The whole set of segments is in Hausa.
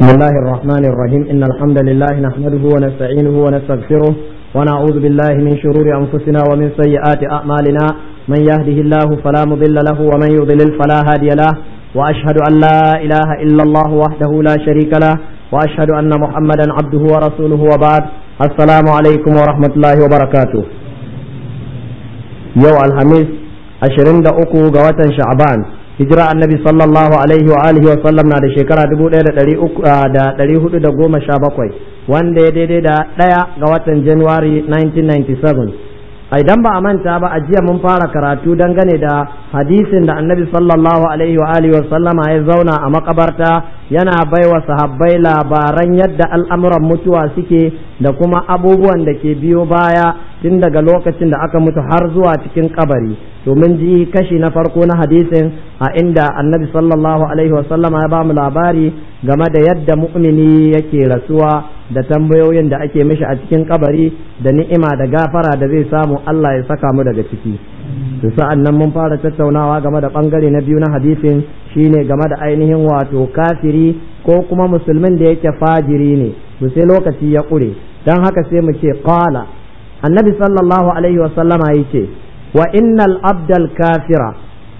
بسم الله الرحمن الرحيم إن الحمد لله نحمده ونستعينه ونستغفره ونعوذ بالله من شرور أنفسنا ومن سيئات أعمالنا من يهده الله فلا مضل له ومن يضلل فلا هادي له وأشهد أن لا إله إلا الله وحده لا شريك له وأشهد أن محمدا عبده ورسوله وبعد السلام عليكم ورحمة الله وبركاته يوم الخميس 23 ga watan Sha'ban hijira annabi sallallahu alaihi wa alihi wa sallam na da shekara 1417 ah, wanda ya daidai da 1 ga watan january 1997 idan ba a manta ba a jiya mun fara karatu dangane da hadisin da annabi sallallahu alaihi wa alihi wa ya zauna a makabarta yana baiwa sahabbai labaran yadda al'amuran mutuwa suke da kuma abubuwan da ke biyo baya tun daga lokacin da aka mutu har zuwa cikin kabari domin ji kashi na farko na hadisin a inda annabi sallallahu alaihi wa sallama ya ba mu labari game da yadda mu'mini yake rasuwa da tambayoyin da ake mishi a cikin kabari da ni'ima da gafara da zai samu Allah ya saka mu daga ciki to sa'an nan mun fara tattaunawa game da bangare na biyu na hadisin shine game da ainihin wato kafiri ko kuma musulmin da yake fajiri ne to sai lokaci ya kure dan haka sai mu ce qala annabi sallallahu alaihi wa sallama yace wa innal abdal kafira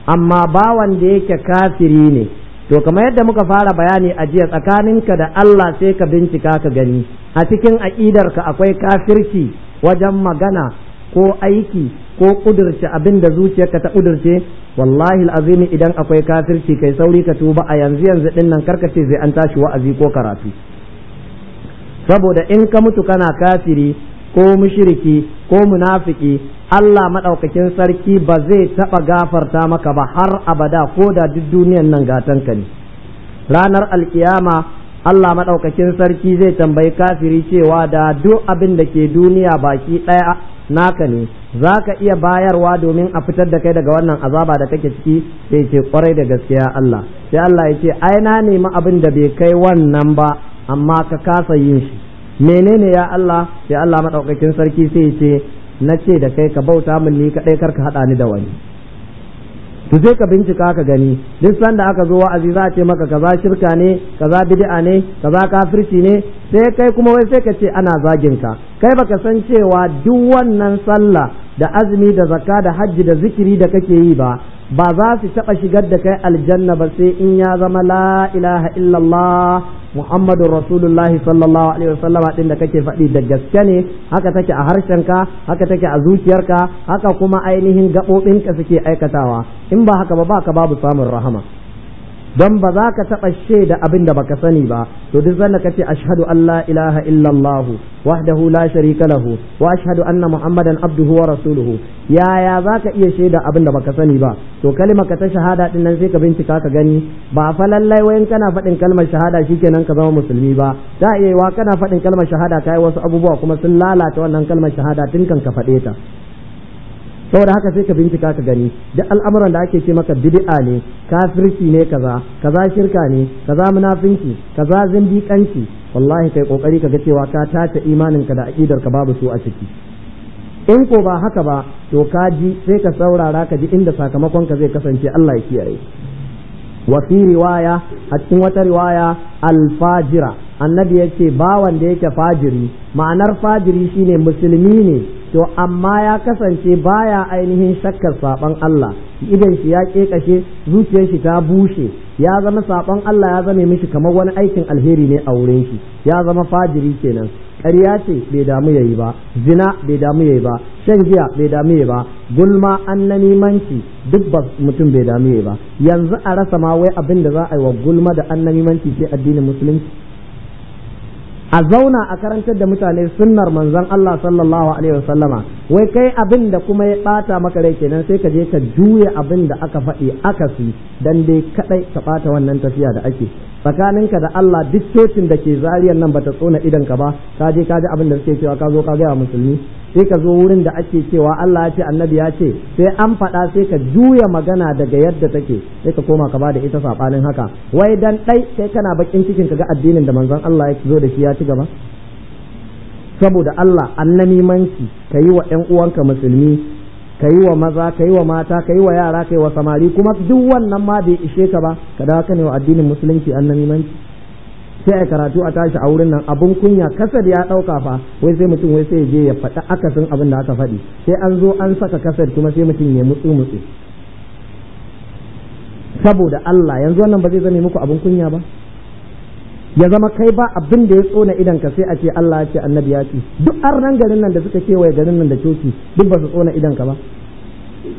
amma bawan da yake kafiri ne to kamar yadda muka fara bayani a jiya tsakaninka da Allah sai ka bincika ka gani a cikin aƙidarka akwai kafirci wajen magana ko aiki ko kudurce abinda zuciyarka ta kudurce wallahi alazimi idan akwai kafirci kai sauri ka tuba a yanzu yanzu din nan ce zai an tashi wa'azi ko karatu saboda in ka mutu kana kafiri ko mushriki ko munafiki Allah maɗaukakin sarki ba zai taɓa gafarta maka ba har abada ko da duk duniyan nan tanka ne ranar alkiyama Allah maɗaukakin sarki zai tambayi kafiri cewa da duk abin da ke duniya baki ɗaya naka ne za ka iya bayarwa domin a fitar da kai daga wannan azaba da kake ciki sai ce kwarai da gaskiya Allah sai Allah ya ce ai na nemi abin da bai kai wannan ba amma ka kasa yin shi menene ya Allah ya Allah madaukakin sarki sai ya ce na ce da kai ka bauta min ni kadai kar ka hada ni da wani to sai ka bincika ka gani duk sanda aka zo wa'azi za a ce maka kaza shirka ne kaza bid'a ne kaza kafirci ne sai kai kuma wai sai ka ce ana zagin ka kai baka san cewa duk wannan sallah da azumi da zakka da hajji da zikiri da kake yi ba ba za su taɓa shigar da kai aljanna ba sai in ya zama la ilaha illallah muhammadu rasulullahi sallallahu alaihi wasallama din da kake faɗi da gaske ne haka take a harshenka haka take a zuciyarka haka kuma ainihin gaɓoɓinka suke aikatawa in ba haka ba baka babu samun rahama don ba za ka taɓa shaida abin da baka sani ba to duk sanda ka ce ashhadu an la ilaha illallah wahdahu la sharika lahu wa ashhadu anna muhammadan abduhu wa rasuluhu yaya za ka iya shaida abin da baka sani ba to kalima ka ta shahada din nan sai ka bincika ka gani ba fa lallai wayan kana faɗin kalmar shahada shikenan ka zama musulmi ba da iya wa kana faɗin kalmar shahada kai wasu abubuwa kuma sun lalata wannan kalmar shahada tun kan ka faɗe ta saboda haka sai ka bincika ka gani duk al'amuran da ake ce maka bid'a ne kafirci ne kaza kaza shirka ne kaza munafinci kaza zindiƙanci wallahi kai kokari ka ga cewa ka tace ka da ka babu su a ciki in ko ba haka ba to ka ji sai ka saurara ka ji inda sakamakon ka zai kasance Allah ya kiyaye wa fi riwaya a cikin wata riwaya alfajira fajira annabi yake bawan da yake fajiri ma'anar fajiri shine musulmi ne to amma ya kasance baya ainihin shakkar saban Allah idan shi ya kekashe zuciyar shi ta bushe ya zama saban Allah ya zame mishi kamar wani aikin alheri ne a wurin shi ya zama fajiri kenan ƙarya ce bai damu yayi ba zina bai damu yayi ba shan giya bai damu yayi ba gulma annamimanci duk ba mutum bai damu yayi ba yanzu a rasa ma wai abin da za a yi wa gulma da annamimanci ce addinin musulunci a zauna a karantar da mutane sunnar manzon Allah sallallahu alaihi wasallama wai kai abin da kuma ya bata maka rai kenan sai ka je ka juya abin da aka faɗi su dan dai kaɗai ka ɓata wannan tafiya da ake tsakaninka da Allah duk cocin da ke zariyar nan bata tsona idan ka ba ka je ka ji abin da suke cewa ka zo ka gaya musulmi sai ka zo wurin da ake cewa Allah ya ce annabi ya ce sai an faɗa sai ka juya magana daga yadda take sai ka koma ka ba da ita saɓanin haka wai dan ɗai sai kana bakin cikin ka ga addinin da manzon Allah ya zo da shi ya ci gaba saboda Allah annani ka yi wa ƴan uwanka musulmi ka wa maza ka wa mata ka wa yara ka wa samari kuma duk wannan ma bai ishe ka ba ka dawo ka ne wa addinin musulunci manki sai a karatu a tashi a wurin nan abun kunya kasar ya ɗauka fa wai sai mutum wai sai je ya faɗi akasin abin da aka faɗi sai an zo an saka kasar kuma sai mutum ya mutsu mutsu saboda Allah yanzu wannan ba zai zame muku abin kunya ba ya zama kai ba abin da ya tsona idan ka sai a ce Allah ya ce annabi ya ce duk arnan garin nan da suka kewaye garin nan da coci duk ba su tsona idan ka ba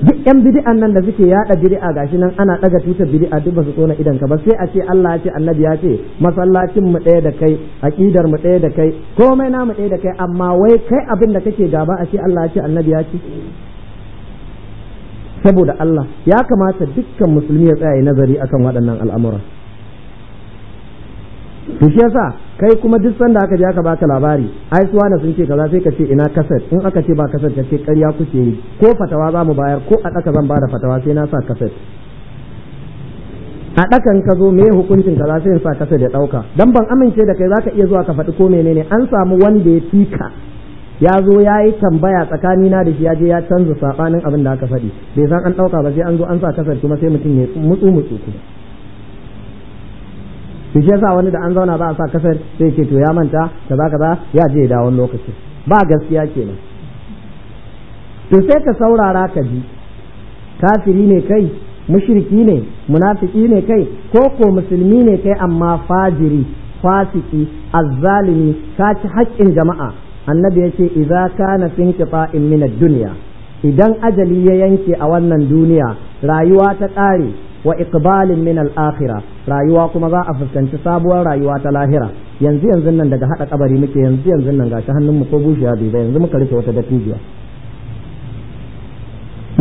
duk yan bid'an nan da suke yada bid'a gashi nan ana daga tutar bid'a duk ba su tsona idan ka ba sai a ce Allah ya ce annabi ya ce masallacin mu ɗaya da kai aqidar mu ɗaya da kai komai na mu ɗaya da kai amma wai kai abin da kake gaba a ce Allah ya ce annabi ya ce saboda Allah ya kamata dukkan musulmi ya tsaya nazari akan waɗannan al'amuran to shi yasa kai kuma duk sanda aka je aka baka labari ai suwa na sun ce kaza sai ka ce ina kasar in aka ce ba kasar ka ce ƙarya kuke yi ko fatawa za mu bayar ko a ɗaka zan bada fatawa sai na sa kasar. a ɗakan ka zo me hukuncin kaza sai in sa kasar ya ɗauka dan ban amince da kai za ka iya zuwa ka faɗi ko menene an samu wanda ya tika ya zo ya yi tambaya tsakanina da shi ya je ya canza saɓanin abin da aka faɗi bai san an ɗauka ba sai an zo an sa kasar kuma sai mutum ya mutsu mutsu kuma to shi yasa wani da an zauna ba a sa kasar sai ke to ya manta kaza kaza ya je da wani lokaci ba gaskiya kenan to sai ka saurara ka ji kafiri ne kai mushriki ne munafiki ne kai ko ko musulmi ne kai amma fajiri fasiki azzalimi ka ci haƙƙin jama'a annabi ya ce idza kana fi inqita'in min ad-dunya idan ajali ya yanke a wannan duniya rayuwa ta ƙare wa iqbalin min al-akhirah rayuwa kuma za a fuskanci sabuwar rayuwa ta lahira yanzu yanzu nan daga hada kabari muke yanzu yanzu nan gashi hannun mu ko bushiya bai yanzu muka rike wata dattijuwa.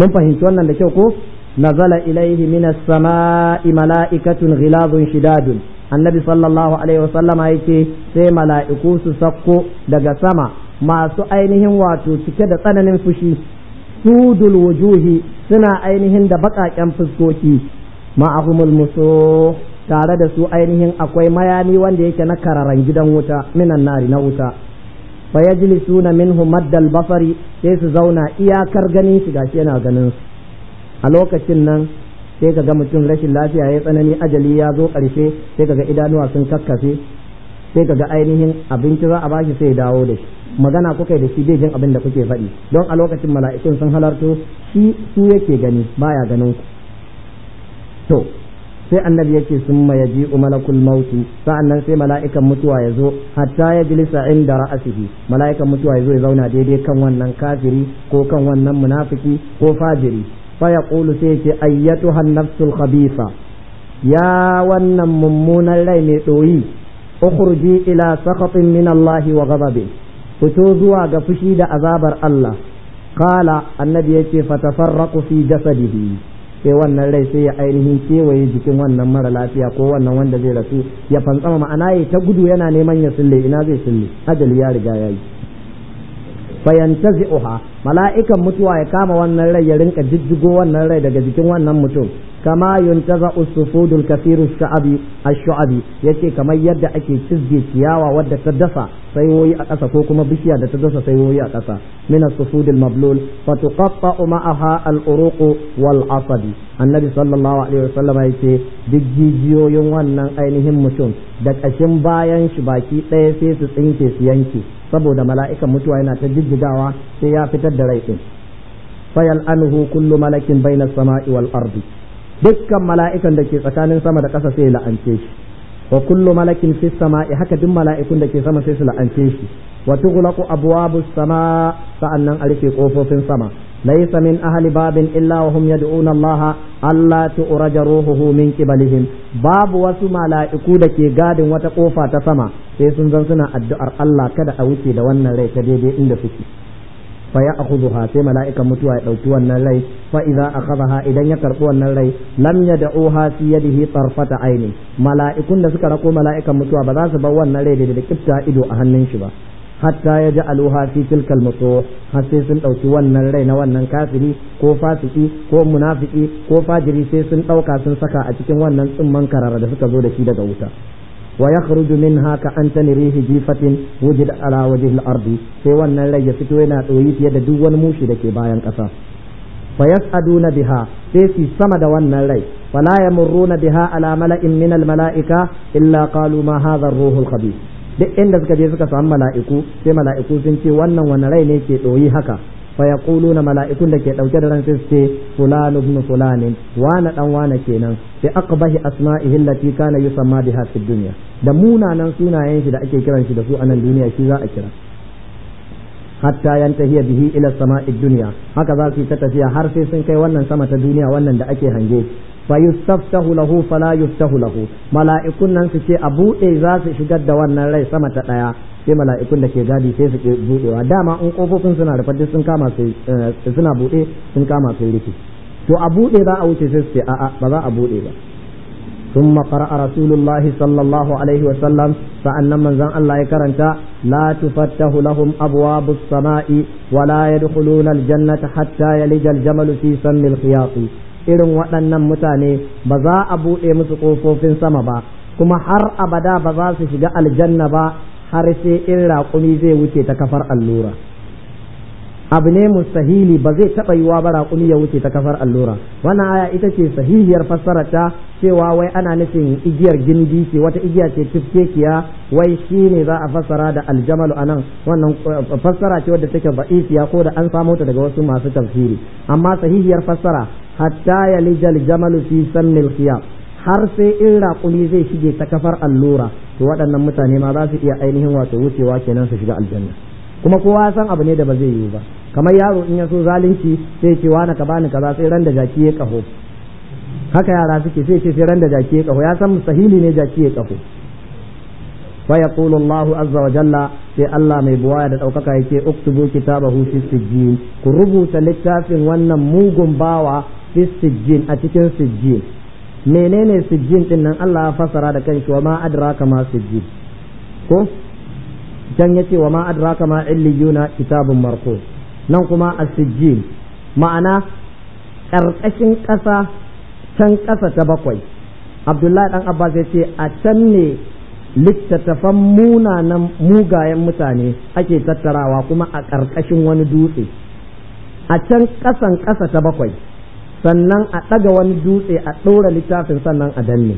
mun fahimci wannan da kyau ko nazala ilaihi min as-sama'i mala'ikatun ghilazun shidadun annabi sallallahu alaihi wasallama yake sai mala'iku su sakko daga sama masu ainihin wato cike da tsananin fushi sudul wujuhi suna ainihin da baƙaƙen fuskoki ma'ahumul muso tare da su ainihin akwai mayani wanda yake na kararan gidan wuta minan nari na wuta fa suna minhu maddal basari sai su zauna iyakar ganin shi gashi yana ganin su a lokacin nan sai kaga mutum rashin lafiya ya tsanani ajali ya zo karshe sai kaga idanuwa sun kakkafe sai kaga ainihin abinci za a bashi sai dawo da shi magana kuka da shi bai jin abin da kuke faɗi don a lokacin mala'ikun sun halarto shi su yake gani baya ganin ku to sai annabi yake sun ma yaji malakul sa'an sa'annan sai mala'ikan mutuwa ya zo hatta ya jilisa inda ra'asihi mala'ikan mutuwa ya zo ya zauna daidai kan wannan kafiri ko kan wannan munafiki ko fajiri fa yaqulu sai yace ayyatu nafsul khabisa ya wannan mummunan rai mai doyi ukhruji ila sakhatin min Allah wa ghadabi fito zuwa ga fushi da azabar Allah qala annabi yace fatafarraqu fi jasadihi sai wannan rai sai ya ainihin kewaye jikin wannan mara lafiya ko wannan wanda zai rasu ya fantsama ma'ana ya ta gudu yana neman ya sulle ina zai sulle ajali ya riga ya yi fayantazi'uha mala'ikan mutuwa ya kama wannan rai ya rinka jijjigo wannan rai daga jikin wannan mutum kama yuntaza usufudul kafiru sha'abi ash-shu'abi yace kamar yadda ake cizge ciyawa wadda ta dasa saiwoyi a ƙasa ko kuma bishiya da ta dasa saiwoyi a ƙasa min as-sufudil mablul fa tuqatta'u ma'aha al-uruq wal asabi annabi sallallahu alaihi wasallam yace duk jijiyoyin wannan ainihin mutum da ƙashin bayan shi baki ɗaya sai su tsinke su yanke saboda mala'ikan mutuwa yana ta jijjigawa sai ya fitar da rai din fayal anhu kullu malakin bayna samai wal ardi dukkan mala'ikan da ke tsakanin sama da ƙasa sai la'ance shi wa kullu malakin fis sama'i haka duk mala'ikun da ke sama sai su la'ance shi wa tughlaqu abwabus sama sa'annan a rufe kofofin sama laysa min ahli babin illa wa hum yad'una Allah alla tu'raja ruhuhu min qibalihim babu wasu mala'iku da ke gadin wata kofa ta sama sai sun zan suna addu'ar Allah kada a wuce da wannan rai ta daidai inda suke fa ya ha sai mala'ikan mutuwa ya dauki wannan rai fa idza akhadha idan ya karbi wannan rai lam yad'uha fi yadihi tarfata aini mala'ikun da suka rako mala'ikan mutuwa ba za su bar wannan rai da kifta ido a hannun shi ba hatta ya ji aluha fi tilkal mutu har sai sun ɗauki wannan rai na wannan kafiri ko fasiki ko munafiki ko fajiri sai sun ɗauka sun saka a cikin wannan tsumman karara da suka zo da shi daga wuta ويخرج منها كأنتن ريح جيفة وجد على وجه الأرض سوى أن لا يفتوين أويت يد دون موشي لكي باين قصا فيسعدون بها سيسي سمد وأن لي فلا يمرون بها على ملأ من الملائكة إلا قالوا ما هذا الروح الخبيث duk inda suka je suka samu mala'iku sai mala'iku sun ce wannan wani rai ne ke ɗoyi haka fa yaquluna mala'ikun da ke dauke da ran sai ce fulan ibn fulan wana dan wana kenan bi aqbahi asma'ihi allati kana yusamma biha fid dunya da munanan sunayen shi da ake kiran shi da su a nan duniya shi za a kira hatta yantahi bihi ila sama'id dunya haka za su ta tafiya har sai sun kai wannan sama ta duniya wannan da ake hange ta lahu fala yuftahu lahu mala'ikun nan su ce a buɗe za su shigar da wannan rai sama ta ɗaya sai mala'ikun da ke gadi sai su ke buɗewa dama in kofofin suna rufe duk sun kama eh, suna buɗe sun kama su rufe to a buɗe ba a wuce sai su ce a'a ba za a buɗe ba ثم قرأ رسول الله صلى الله عليه وسلم فأن من زن الله كرنتا لا تفتح لهم أبواب السماء ولا يدخلون الجنة حتى يلج الجمل في سم الخياط irin waɗannan mutane ba za a buɗe musu ƙofofin sama ba kuma har abada ba za su shiga aljanna ba har sai in raƙumi zai wuce ta kafar allura abu ne mustahili ba zai taɓa yiwa ba raƙumi ya wuce ta kafar allura wannan aya ita ce sahihiyar fassara ta cewa wai ana nufin igiyar gindi ce wata igiya ce tifkekiya wai shi ne za a fassara da aljamalu a nan wannan eh, fassara ce wadda take ba'isiya ko da an samo ta daga wasu masu tafsiri amma sahihiyar fassara hatta yalijal jamalu fi sannil khiyam har sai in raƙumi zai shige ta kafar allura to waɗannan mutane ma za su iya ainihin wato wucewa kenan su shiga aljanna kuma kowa san abu ne da ba zai yiwu ba kamar yaro in ya so zalunci sai ce wani ka bani kaza sai ran da jaki ya kaho haka yara suke sai ce sai ran da jaki ya kaho ya san mustahili ne jaki ya kaho fa yaqulu Allahu azza wa jalla sai Allah mai buwaya da daukaka yake uktubu kitabahu fi sijjin ku rubuta littafin wannan mugun bawa fi sijjin a cikin sijjin menene sijjin din nan Allah ya fasara da kanshi wa ma adraka ma sijjin ko dan yace wa ma adraka ma illiyuna kitabun marqu nan kuma as-sijjin ma'ana karkashin ƙasa can ƙasa ta bakwai abdullahi dan abbas ya ce a can ne littattafan munanan mugayen mutane ake tattarawa kuma a ƙarƙashin wani dutse a can ƙasan ƙasa ta bakwai sannan a ɗaga wani dutse a ɗora littafin sannan a danne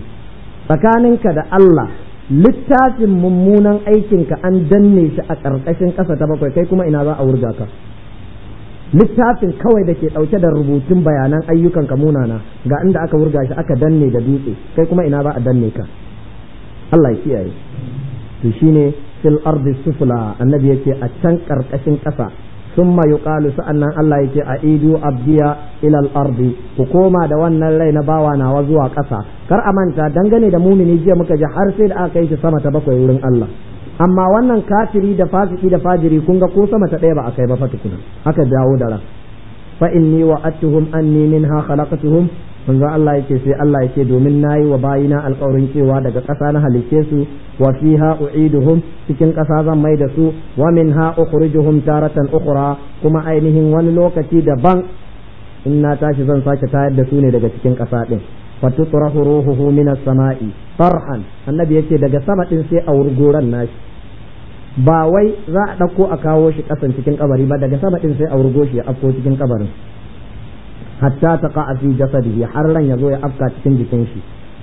tsakaninka da Allah littafin mummunan aikinka an danne shi a ƙarƙashin ƙasa ta bakwai kai kuma ina za a wurga ka littafin kawai da ke ɗauke da rubutun bayanan ayyukan ka munana ga inda aka wurga shi aka danne da dutse kai kuma ina za a danne ka Allah ya kiyaye to shine fil ardi sufla annabi yake a can ƙarƙashin ƙasa summa yuqalu sa'annan Allah yake a idu abdiya ilal al-ardi ku koma da wannan rai na bawa nawa zuwa ƙasa kar a manta dangane da mumini jiya muka ji har sai da aka yi shi sama ta bakwai wurin Allah amma wannan kafiri da fasiki da fajiri kun ga ko sama ta ɗaya ba a kai ba fa fatukuna haka dawo da ran fa inni wa'atuhum anni minha tuhum. manzon Allah yake sai Allah yake domin na yi wa bayina alƙawarin cewa daga ƙasa na halice su wa fiha u'iduhum cikin ƙasa zan mai da su wa minha ukhrijuhum taratan ukhra kuma ainihin wani lokaci daban in na tashi zan sake tayar da su ne daga cikin ƙasa din fatutrahu ruhuhu minas sama'i farhan annabi yake daga sama din sai a wurgoran nashi ba wai za a ɗauko a kawo shi ƙasan cikin ƙabari ba daga sama din sai a wurgo shi ya afko cikin kabarin hatta taqa fi jasadihi har ran yazo ya afka cikin jikin shi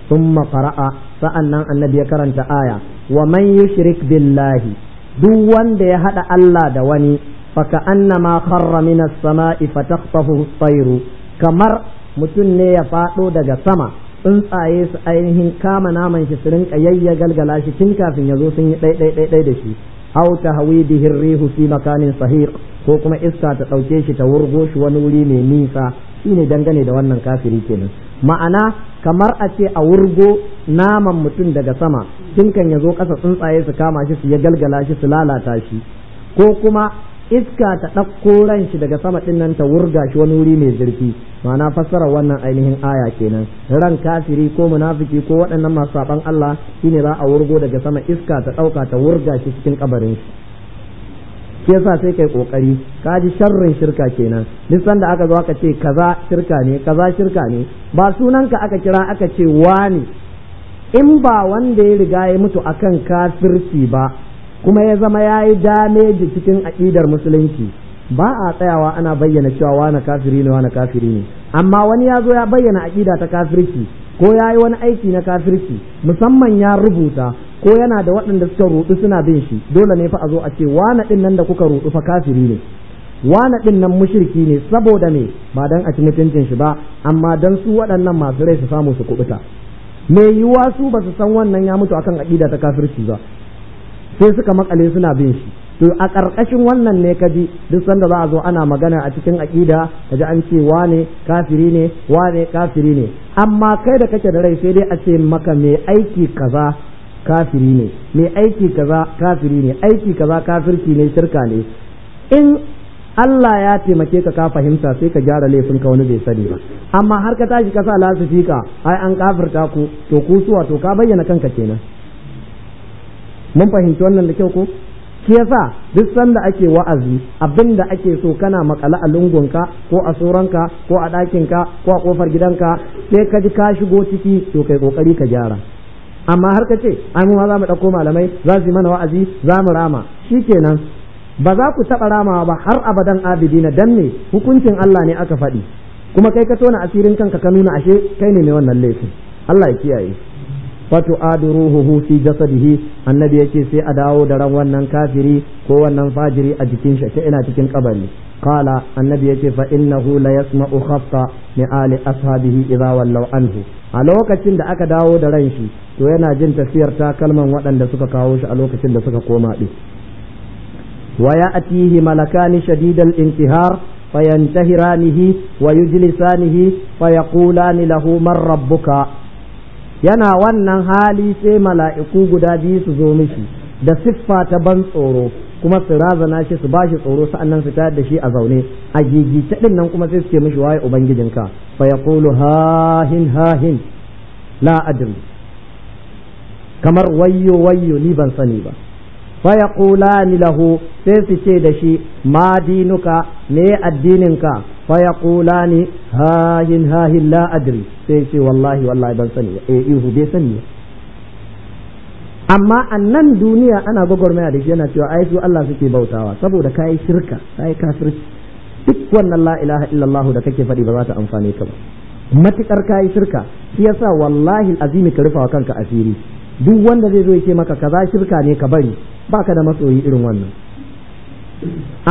thumma qara'a sa'annan annabi ya karanta aya wa man yushrik billahi duk wanda ya hada Allah da wani faka annama kharra minas sama'i fataqtafuhu tayru kamar mutum ne ya fado daga sama tsuntsaye su ainihin kama naman shi su rinka yayya galgala shi tun kafin ya zo sun yi ɗai da shi aw hawi bihin rihu fi makanin sahiq ko kuma iska ta ɗauke shi ta wurgo shi wani wuri mai nisa shi ne dangane da wannan kafiri kenan ma'ana kamar a ce a wurgo naman mutum daga sama dinkan ya zo ƙasa tsuntsaye su kama shi su ya galgala shi su lalata shi ko kuma iska ta ɗauko ran shi daga sama ɗin nan ta wurga shi wani wuri mai zurfi ma'ana fassarar wannan ainihin aya kenan ran kafiri ko munafiki ko waɗannan masu saɓan Allah shine za a wurgo daga sama iska ta ɗauka ta wurga shi cikin kabarin shi shi yasa sai kai kokari ka ji sharrin shirka kenan duk sanda aka zo aka ce kaza shirka ne kaza shirka ne ba sunanka aka kira aka ce wani in ba wanda ya riga ya mutu akan kafirci ba kuma ya zama ya yi dameji cikin aƙidar musulunci ba a tsayawa ana bayyana cewa wani kafiri ne wani kafiri ne amma wani ya zo ya bayyana aƙida ta kafirci ko ya yi wani aiki na kafirci musamman ya rubuta ko yana da waɗanda suka rudu suna bin shi dole ne fa a zo a ce wana ɗin nan da kuka rudu fa kafiri ne wana ɗin nan mushriki ne saboda me ba dan a ci mutuncin shi ba amma dan su waɗannan masu rai su samu su kubuta me yiwuwa su ba su san wannan ya mutu akan aƙida ta kafirci ba sai suka makale suna bin shi to a ƙarƙashin wannan ne ka ji duk sanda za a zo ana magana a cikin aƙida ka ji an ce wane kafiri ne wane kafiri ne amma kai da kake da rai sai dai a ce maka mai aiki kaza kafiri ne mai aiki kaza kafiri ne aiki kaza kafirci ne shirka ne in Allah ya taimake ka ka fahimta sai ka gyara laifin ka wani bai sani ba amma har ka tashi ka sa lasifi ka ai an kafirta ku to ku suwa to ka bayyana kanka kenan mun fahimci wannan da kyau ko shi yasa duk sanda ake wa'azi abinda ake so kana makala a ka ko a ka ko a ka ko a ƙofar gidanka sai ka ji ka shigo ciki to kai ƙoƙari ka gyara amma har ka ce ai mu za mu ɗauko malamai za su mana wa'azi za mu rama shikenan ba za ku taɓa ramawa ba har abadan abidina dan ne hukuncin Allah ne aka faɗi kuma kai ka tona asirin kanka ka nuna ashe kai ne mai wannan laifin Allah ya kiyaye fatu adruhu fi jasadihi annabi yace sai a dawo da ran wannan kafiri ko wannan fajiri a jikin shi ta ina cikin kabari qala annabi yace fa innahu la yasma'u khafta ni ali ashabihi idha wallaw anhu a lokacin da aka dawo da ran shi to yana jin tafiyar takalman waɗanda suka kawo shi a lokacin da suka koma ɗin wa malaka malakani shadidal intihar fayantahiranihi wa yujlisanihi fayaqulani lahu man rabbuka yana wannan hali sai mala'iku guda biyu su zo mishi da siffa ta ban tsoro kuma su razana shi su ba shi tsoro sa'annan su tayar da shi a zaune a gigice din nan kuma sai su ce mishi waye ubangijinka fa yaqulu ha hin ha hin la adri kamar wayyo wayyo ni ban sani ba fa yaqulani lahu sai su ce da shi ma dinuka me addininka fa yaqulani ha hin ha hin la adri sai ce wallahi wallahi ban sani eh ihu bai sani amma a nan duniya ana gwagwarmaya da shi yana cewa ai su Allah suke bautawa saboda kayi shirka kayi kafirci duk wannan la ilaha illallah da kake faɗi ba za ta amfane ka ba matukar kayi shirka shi yasa wallahi azimi ka rufa kanka asiri duk wanda zai zo ya ce maka kaza shirka ne ka bari baka da masoyi irin wannan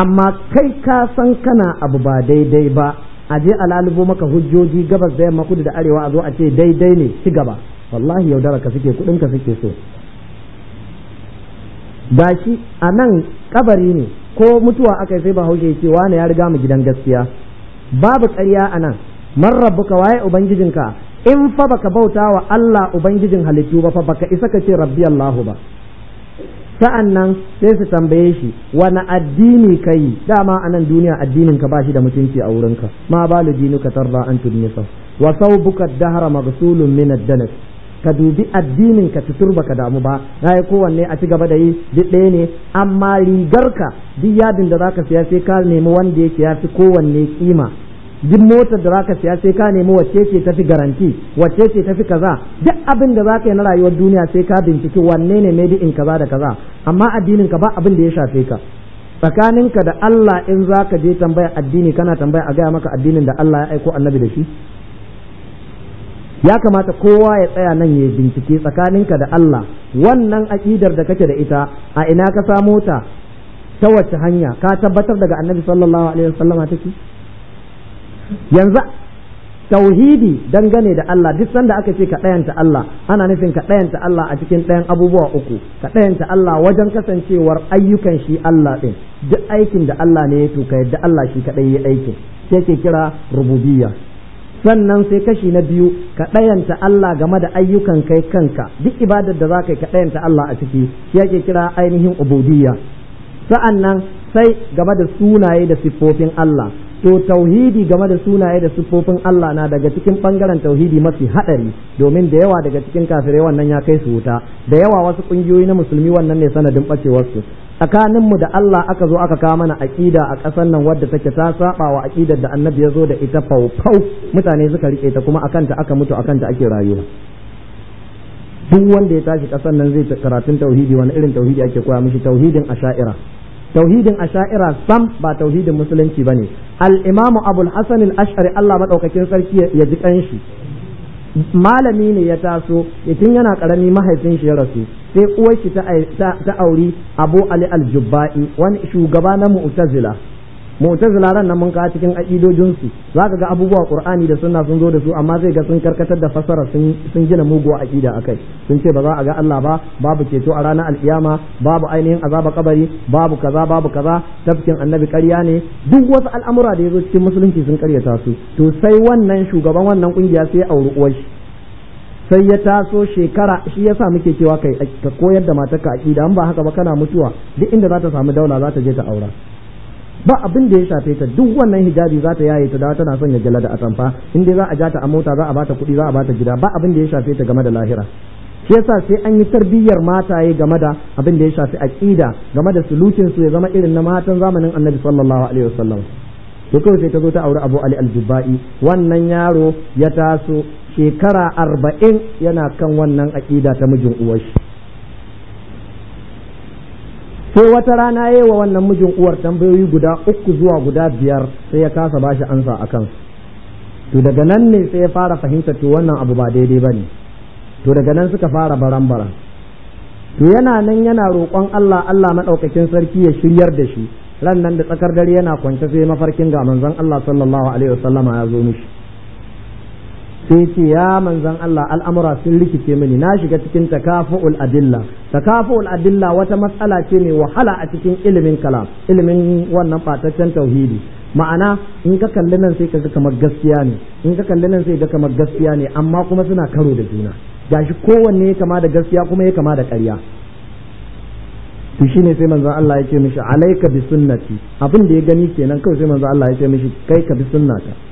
amma kai ka san kana abu ba daidai ba a je a lalubo maka hujjoji gabas da yamma kudu da arewa a zo a ce daidai ne ci gaba wallahi yaudara ka suke kudin ka suke so gashi a nan kabari ne ko mutuwa aka yi sai ba hauke ce wane ya riga mu gidan gaskiya babu ƙarya a nan man rabbuka waye ubangijinka in fa baka bauta wa Allah ubangijin halittu ba fa baka isa ka ce rabbi Allahu ba sa'an nan sai su tambaye shi wani addini ka yi dama a nan duniya addinin ka ba shi da mutunci a wurinka ma balu dinuka tarba an tudnisa wa saubuka dahara magsulun min ad-danas ka dubi addinin ka ba ka damu ba yi kowanne a ci gaba da yi duk ɗaya ne amma rigarka duk yadin da zaka siya sai ka nemi wanda yake ya fi kowanne kima duk motar da zaka siya sai ka nemi wacce ce tafi garanti wacce ce tafi kaza duk abin da zaka yi na rayuwar duniya sai ka binciki wanne ne mai in kaza da kaza amma addinin ka ba abin da ya shafe ka tsakaninka da Allah in zaka je tambaya addini kana tambaya a gaya maka addinin da Allah ya aiko annabi da shi ya kamata kowa ya tsaya nan ya bincike tsakaninka da Allah wannan aƙidar da kake da ita a ina ka samo ta ta wace hanya ka tabbatar daga annabi sallallahu alaihi wasallama take yanzu tauhidi dangane da Allah duk sanda aka ce ka ɗayanta Allah ana nufin ka ɗayanta Allah a cikin ɗayan abubuwa uku ka ɗayanta Allah wajen kasancewar ayyukan shi Allah ɗin duk aikin da Allah ne ya tuka yadda Allah shi kaɗai ya aikin sai ke kira rububiyya sannan sai kashi na biyu ka ɗayanta Allah game da ayyukan kai kanka duk ibadar da za ka yi ka ɗayanta Allah a ciki shi ke kira ainihin ubudiyya sa'annan sai game da sunaye da siffofin Allah to tauhidi game da sunaye da siffofin Allah na daga cikin bangaren tauhidi mafi haɗari domin da yawa daga cikin kafirai wannan ya kai su wuta da yawa wasu ƙungiyoyi na musulmi wannan ne sanadin ɓacewarsu. tsakaninmu da Allah aka zo aka kawo mana aƙida a ƙasar nan wadda take ta saba wa aƙidar da annabi ya zo da ita faufau mutane suka rike ta kuma akanta aka mutu akanta ake rayuwa duk wanda ya tashi ƙasar nan zai karatun tauhidi wani irin tauhidi ake koya mishi tauhidin asha'ira tauhidin asha'ira sam ba tauhidin musulunci bane al-imamu abul hasan al-ash'ari Allah madaukakin sarki ya ji kanshi malami ne ya taso tun yana karami mahaifin shi ya rasu sai uwar shi ta auri abu ali aljubba'i wani shugaba na mu'tazila mu'tazila ran nan mun ka cikin aqidojin su zaka ga abubuwa qur'ani da sunna sun zo da su amma zai ga sun karkatar da fasara sun sun gina muguwa aqida akai sun ce ba za a ga Allah ba babu ceto a ranar alkiyama babu ainihin azaba kabari babu kaza babu kaza tafkin annabi ƙarya ne duk wasu al'amura da yazo cikin musulunci sun karyata su to sai wannan shugaban wannan kungiya sai ya auri uwar shi sai ya taso shekara shi yasa muke cewa kai ka koyar da matarka aqida in ba haka ba kana mutuwa duk inda za ta samu daula za ta je ta aura ba abin da ya shafe ta duk wannan hijabi za ta yaye ta da tana son ya gala da atamfa in dai za a ja ta a mota za a bata kuɗi za a bata gida ba abin da ya shafe ta game da lahira shi yasa sai an yi tarbiyyar mataye game da abin da ya shafi aqida game da sulukin su ya zama irin na matan zamanin Annabi sallallahu alaihi wasallam to kawai sai ta zo ta auri Abu Ali al jubai wannan yaro ya taso shekara arba'in yana kan wannan aƙida ta mijin uwarshi sai wata rana ya yi wa wannan mijin uwar tambayoyi guda uku zuwa guda biyar sai ya kasa ba shi ansa akan to daga nan ne sai ya fara fahimta to wannan abu ba daidai bane to daga nan suka fara baran-baran to yana nan yana roƙon Allah Allah madaukakin sarki ya shiryar da shi ran nan da tsakar dare yana kwance sai mafarkin ga manzon Allah sallallahu alaihi wasallama ya zo mishi sai ce ya manzan Allah al'amura sun rikice mini na shiga cikin takafu'ul adilla takafu'ul adilla wata matsala ce mai wahala a cikin ilimin kala ilimin wannan fataccen tauhidi ma'ana in ka kalli nan sai ka kamar gaskiya ne in ka kalli nan sai ka kamar gaskiya ne amma kuma suna karo da juna gashi kowanne ya kama da gaskiya kuma ya kama da ƙarya to shine sai manzon Allah ya ce mishi alaika bi sunnati abin da ya gani kenan kawai sai manzon Allah ya ce mishi kai ka bi sunnata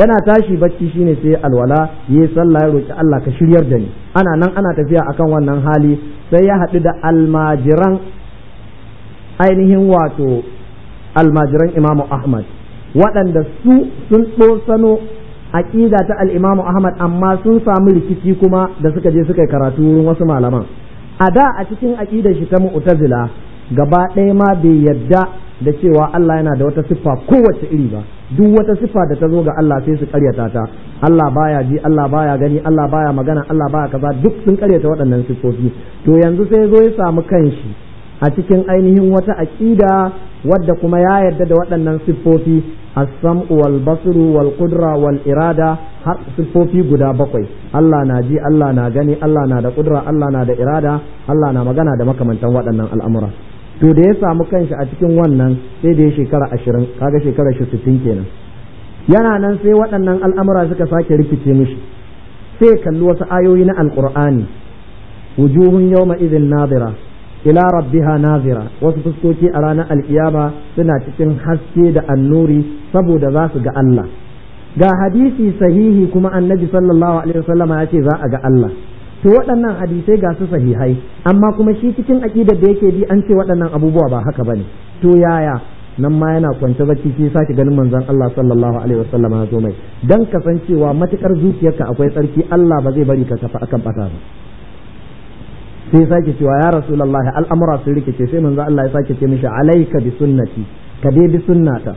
yana tashi bacci shine sai alwala yayi sallah ya roki Allah ka shiryar da ni ana nan ana tafiya akan wannan hali sai ya haɗu da almajiran ainihin wato almajiran imamu ahmad waɗanda su sun sano aƙida ta al'imamu ahmad amma sun samu rikici kuma da suka je suka karatu wurin wasu malaman a da a cikin aƙidar shi ta mu'tazila gaba ɗaya ma bai yadda da cewa Allah yana da wata siffa kowace iri ba duk wata siffa da ta zo ga Allah sai su karyata ta Allah baya ji Allah baya gani Allah baya magana Allah baya kaza duk sun karyata waɗannan siffofi to yanzu sai zo ya samu kanshi a cikin ainihin wata aqida wadda kuma ya yarda da waɗannan siffofi as-sam'u wal basru wal qudra wal irada har siffofi guda bakwai Allah na ji Allah na gani Allah na da kudura Allah na da irada Allah na magana da makamantan waɗannan al'amura to da ya samu kanshi a cikin wannan sai da ya shekara ashirin kaga shekara shi sittin kenan yana nan sai waɗannan al'amura suka sake rikice mishi sai kalli wasu ayoyi na alƙur'ani wujuhun ma izin nazira ila rabbiha nazira wasu fuskoki a ranar alƙiyama suna cikin haske da annuri saboda za su ga Allah ga hadisi sahihi kuma annabi sallallahu alaihi wasallama ya ce za a ga Allah to waɗannan hadisai ga su sahihai amma kuma shi cikin aƙidar da yake bi an ce waɗannan abubuwa ba haka bane to yaya nan ma yana kwance bacci sai sake ganin manzon Allah sallallahu alaihi wasallam ya zo mai dan kasancewa matukar zuciyarka akwai tsarki Allah ba zai bari ka tafi akan bata ba sai sake cewa ya rasulullah al'amura sun rikice sai manzon Allah ya sake ce mishi alaika bi sunnati ka bi sunnata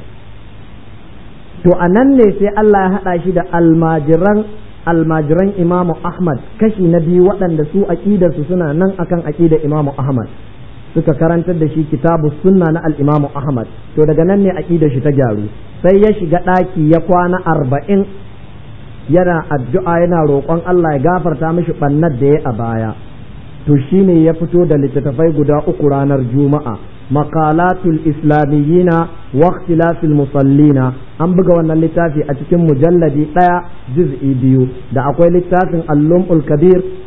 to anan ne sai Allah ya hada shi da almajiran almajiran imamu ahmad kashi na biyu waɗanda su aƙidarsu suna nan akan aƙidar imamu ahmad suka karantar da shi kitabu sunna na al'imamu ahmad to daga nan ne aƙidar shi ta gyaru sai ya shiga ɗaki ya kwana arba'in yana addu'a yana roƙon allah ya gafarta mishi ɓannar da ya a baya to shi ne ya fito da littattafai guda uku ranar juma'a maqalatul islamiyyina wa ikhtilafil musallina an buga wannan littafi a cikin mujalladi ɗaya juz'i biyu da akwai littafin al-lum'ul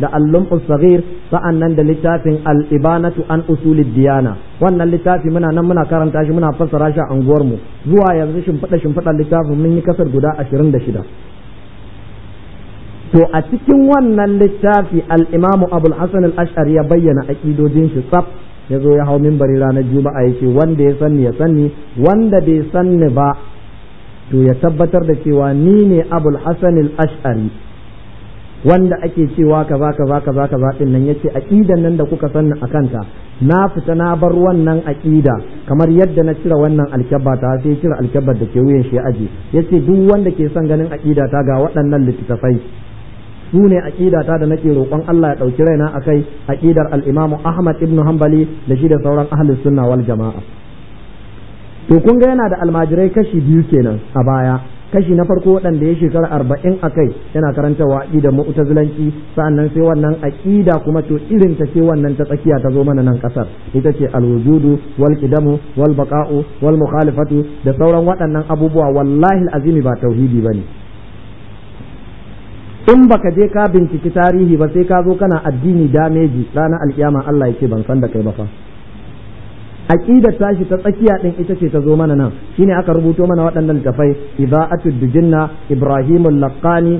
da al-lum'ul saghir sa'annan da littafin al'ibanatu an usulid diyana wannan littafi muna nan muna karanta shi muna fassara shi a unguwar mu zuwa yanzu shimfiɗa shimfiɗa littafin mun yi kasar guda ashirin da shida. to a cikin wannan littafi al'imamu imamu abul hasan ya bayyana aqidojin shi tsaf ya zo ya hau mimbari ranar juma'a ya ce wanda ya sanni ya sanni wanda bai sanni ba to ya tabbatar da cewa ni ne abul hasan al-ash'ari wanda ake cewa ka ka ka ba ka ba din nan yace aqidan nan da kuka sanni a kanta na fita na bar wannan aqida kamar yadda na cire wannan alkabba ta sai cire alkabbar da ke wuyan shi aje yace duk wanda ke son ganin aqida ta ga waɗannan littafai. su ne aqidata da nake roƙon Allah ya ɗauki raina a kai aqidar al-Imam Ahmad ibn Hanbali da shi da sauran ahlus sunna wal jama'a to kun ga yana da almajirai kashi biyu kenan a baya kashi na farko waɗanda ya shekara arba'in a kai yana karantarwa aqidar mu'tazilanci sa'annan sai wannan aƙida kuma to irin ta ce wannan ta tsakiya ta zo mana nan ƙasar ita ce al-wujudu wal qidamu wal baqa'u wal mukhalifatu da sauran waɗannan abubuwa wallahi azimi ba tauhidi bane in baka je ka binciki tarihi ba sai ka zo kana addini dameji ranar alkiyama Allah yake ban san da kai ba fa aqidar tashi ta tsakiya din ita ce ta zo mana nan shine aka rubuto mana waɗannan tafai ibaatu dujinna ibrahimul laqani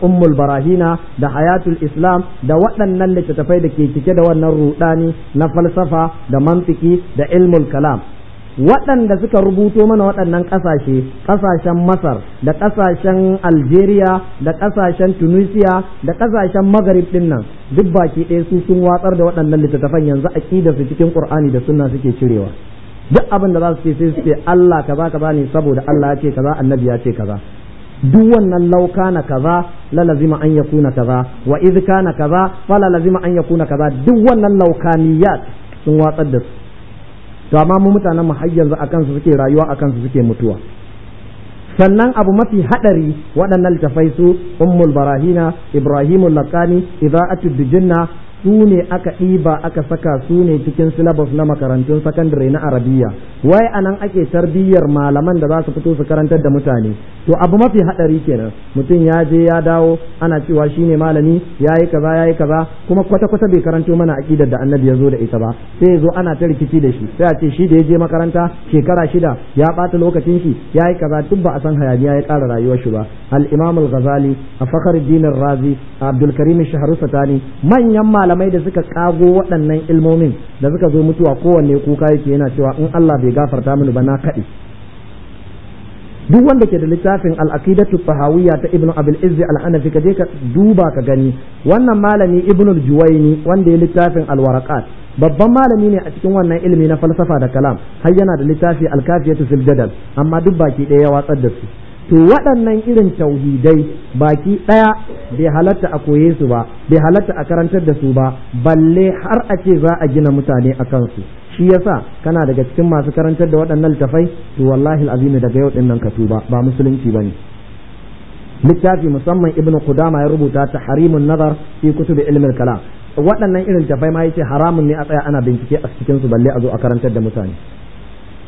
ummul barahina da hayatul islam da waɗannan littattafai da ke cike da wannan rudani na falsafa da mantiki da ilmul kalam waɗanda suka rubuto mana waɗannan ƙasashe ƙasashen masar da ƙasashen algeria da ƙasashen tunisia da ƙasashen Magarib ɗin nan duk baki ɗaya su sun watsar da waɗannan littattafan yanzu a ƙida su cikin ƙur'ani da sunna suke cirewa duk abin da za su ce sai su ce Allah kaza kaza ne saboda Allah ya ce kaza annabi ya ce kaza duk wannan lauka na kaza la lazima an yakuna kaza wa idh kana kaza fala lazima an yakuna kaza duk wannan laukaniyat sun watsar da su to amma mu mutanen mu har yanzu akan suke rayuwa akan su suke mutuwa sannan abu mafi hadari waɗannan littafai su ummul barahina ibrahimul laqani idaatu dijinna su ne aka ɗiba aka saka su ne cikin silabus na makarantun sakandare na arabiya wai anan ake tarbiyyar malaman da za su fito su karantar da mutane to abu mafi haɗari kenan mutum ya je ya dawo ana cewa shi ne malami ya yi kaza ya yi kaza kuma kwata kwata bai karanto mana aƙidar da annabi ya zo da ita ba sai ya zo ana ta rikici da shi sai a ce shi da ya je makaranta shekara shida ya ɓata lokacin shi ya yi kaza duk ba a san hayaniya ya ƙara rayuwar shi ba al-imam al-ghazali a fakhruddin razi abdul karim satani manyan malamai malamai da suka kago waɗannan ilmomin da suka zo mutuwa kowanne kuka yake yana cewa in Allah bai gafarta mini ba na kaɗe duk wanda ke da littafin al-aqidatu tahawiyya ta ibnu abul izzi al-hanafi je ka duba ka gani wannan malami ibnu al-juwayni wanda ya littafin al-waraqat babban malami ne a cikin wannan ilimi na falsafa da kalam har yana da littafi al-kafiyatu fil amma duk baki ɗaya ya watsar da su to waɗannan irin tauhidai baki ɗaya bai halatta a koye su ba bai halatta a karantar da su ba balle har a ce za a gina mutane a kansu shi yasa kana daga cikin masu karantar da waɗannan littafai to wallahi azimi daga yau ɗin nan ka tuba ba musulunci ba ne. littafi musamman ibnu Kudama ya rubuta ta harimun nazar fi kutubi ilmin kalam waɗannan irin littafai ma yace haramun ne a tsaya ana bincike a cikinsu balle a zo a karantar da mutane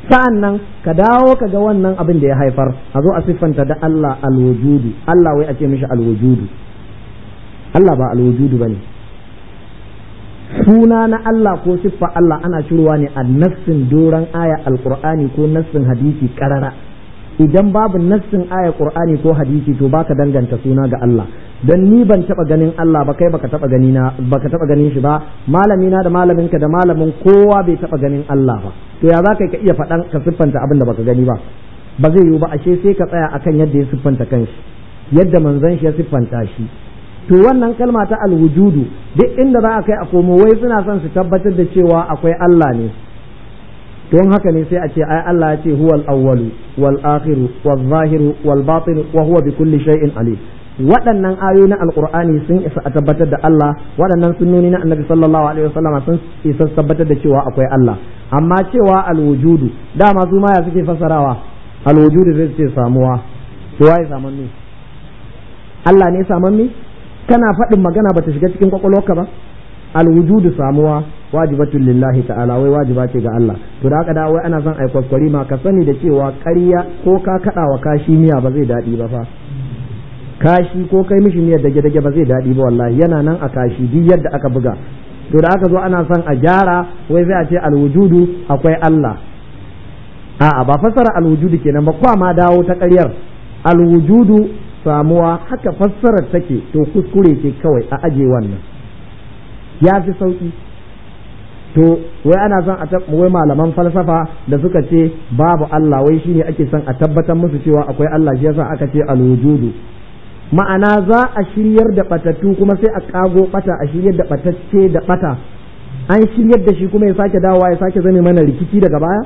sa'an nan ka dawo ka ga wannan abin da ya haifar a zo a siffanta da Allah alwujudu Allah wai a mishi alwujudu Allah ba alwujudu ne. suna na Allah ko siffa Allah ana shirwa ne a nassin doron aya alqur'ani ko nassin hadisi karara idan babu nassin aya qur'ani ko hadisi to baka danganta suna ga Allah dan ni ban taba ganin Allah ba kai baka taba gani baka taba ganin shi ba malami na da malamin ka da malamin kowa bai taba ganin Allah ba to ya zaka ka iya faɗan ka siffanta abin da baka gani ba ba zai yiwu ba ashe sai ka tsaya akan yadda ya siffanta kanshi yadda manzon shi ya siffanta shi to wannan kalma ta alwujudu duk inda za a kai a komo wai suna son su tabbatar da cewa akwai Allah ne don haka ne sai a ce ai Allah ya ce huwal awwalu wal akhiru wal zahiru wal batin wa huwa bi kulli shay'in alim waɗannan ayoyi na alqur'ani sun isa a tabbatar da Allah waɗannan sunnoni na annabi sallallahu alaihi wasallam sun isa tabbatar da cewa akwai Allah amma cewa alwujudu dama su ma ya suke fasarawa alwujudu zai ce samuwa to waye saman ne Allah ne samu ne kana faɗin magana bata shiga cikin kwakwalwarka ba alwujudu samuwa wajibatun lillahi ta'ala wai wajiba ce ga Allah to da haka da wai ana son ai kwakwari ma ka sani da cewa ƙarya ko ka kaɗawa wa kashi miya ba zai daɗi ba fa kashi ko kai mishi miyar dage dage ba zai daɗi ba wallahi yana nan a kashi duk yadda aka buga to da aka zo ana son a gyara wai sai a ce alwujudu akwai Allah a'a ba fassara alwujudu kenan ba kwa ma dawo ta ƙaryar alwujudu samuwa haka fassarar take to kuskure ce kawai a aje wannan ya fi sauki to wai ana son a wai malaman falsafa da suka ce babu Allah wai shine ake son a tabbatar musu cewa akwai Allah shi yasa aka ce alwujudu ma'ana za a shiryar da batattu kuma sai a kago bata a shiryar da batacce da bata an shiryar da shi kuma ya sake dawowa ya sake zame mana rikici daga baya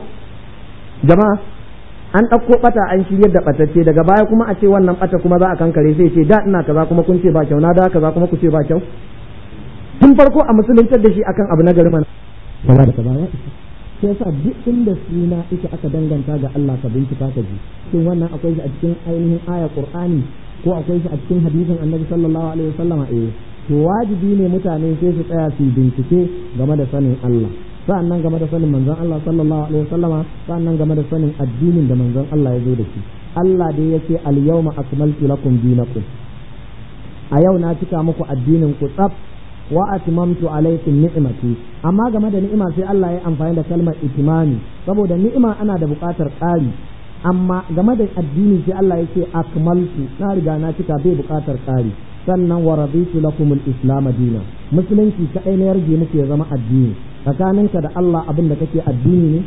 jama'a an ɗauko bata an shiryar da batacce daga baya kuma a ce wannan bata kuma za a kankare sai ce da ina kaza kuma kun ce ba kyau na da kaza kuma ku ce ba kyau tun farko a musulunta da shi akan abu na garman kaza da kaza ya isa sai yasa duk inda suna ita aka danganta ga Allah ka bincika ka ji shin wannan akwai shi a cikin ainihin aya qur'ani ko akwai shi a cikin hadisin annabi sallallahu alaihi wasallama eh to wajibi ne mutane sai su tsaya su bincike game da sanin Allah sa'annan game da sanin manzon Allah sallallahu alaihi wasallama sa'annan game da sanin addinin da manzon Allah ya zo da shi Allah dai yake al-yawma akmaltu lakum dinakum a yau na cika muku addinin ku tsaf wa atimamtu alaikum ni'mati amma game da ni'ima sai Allah ya amfani da kalmar itimami saboda ni'ima ana da buƙatar ƙari amma game da addini sai Allah ya ce akmaltu na riga na cika bai buƙatar ƙari sannan wa raditu lakum al-islam dinan musulunci kadai ne yarge muke zama addini tsakaninka da Allah abin da kake addini ne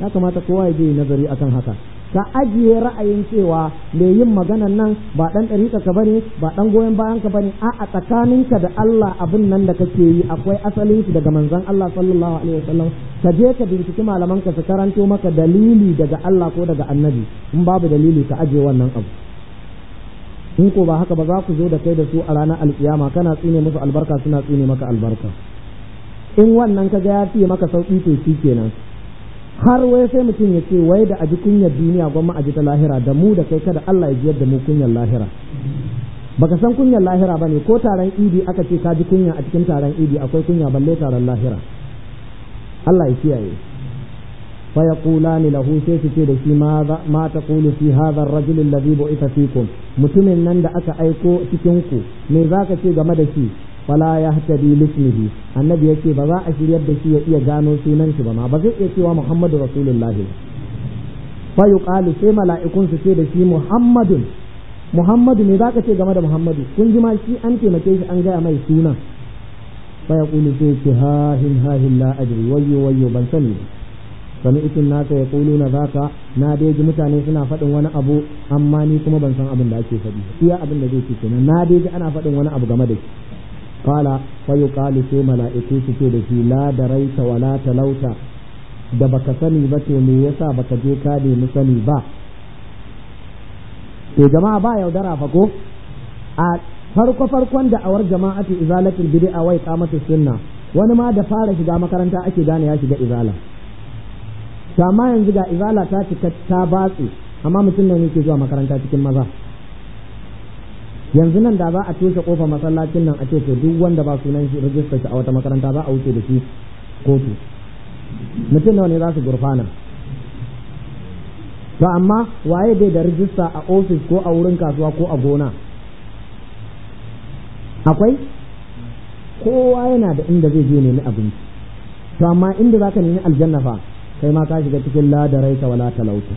ya kamata kowa ya je nazari akan haka ka ajiye ra'ayin cewa mai yin maganan nan ba dan ɗarika ka bane ba dan goyon bayan ka bane a'a a tsakaninka da Allah abin nan da kake yi akwai asalin shi daga manzon Allah sallallahu alaihi wasallam ka je ka binciki malaman ka su karanto maka dalili daga Allah ko daga annabi in babu dalili ka ajiye wannan abu in ko ba haka ba za ku zo da kai da su a ranar alkiyama kana tsine musu albarka suna tsine maka albarka in wannan ka ya fiye maka sauki to kenan har wai sai mutum ya ce wai da aji kunyar duniya gwamma aji ta lahira da mu da kai kada Allah ya jiyar da mu kunyar lahira baka san kunyar lahira ba ne ko taron idi aka ce ka ji kunya a cikin taron idi akwai kunya balle taron lahira Allah ya kiyaye fa yaqulani lahu sai su ce da shi ma qulu fi hadha ar-rajul alladhi bu'itha fikum mutumin nan da aka aiko cikin ku me zaka ce game da shi Bala ya hatadi lismihi annabi yake ba za a shiryar da shi ya iya gano sunan shi ba ma ba zai iya cewa muhammadu rasulullahi fa yuqalu sai mala'ikun su ce da shi muhammadun muhammadu ne zaka ce game da muhammadu kun ji ma shi an taimake shi an gaya mai sunan fa yaqulu sai ce ha hin ha hin la ajri wayyo ban sani sami ikin nasa ya kulu na zaka na dai ji mutane suna faɗin wani abu amma ni kuma ban san abin da ake faɗi iya abin da zai ce kenan na dai ji ana faɗin wani abu game da shi Fala fa yuqalu sai mala'iku su ce da shi la talauta da baka sani ba to me yasa baka je ka nemi sani ba to jama'a ba yaudara fa ko a farko farkon da awar jama'atu izalatul bid'a wai qamatu sunna wani ma da fara shiga makaranta ake gane ya shiga izala to amma yanzu ga izala ta cika ta amma mutum ne yake zuwa makaranta cikin maza yanzu nan da za a toshe kofa masallacin nan a ce to duk wanda ba sunan shi rajistar shi a wata makaranta za a wuce da shi kotu mutum nawa ne za su gurfana to amma waye bai da rijista a ofis ko a wurin kasuwa ko a gona akwai kowa yana da inda zai je nemi abinci to amma inda za ka nemi aljanna fa kai ma ka shiga cikin ladarai da wala talauta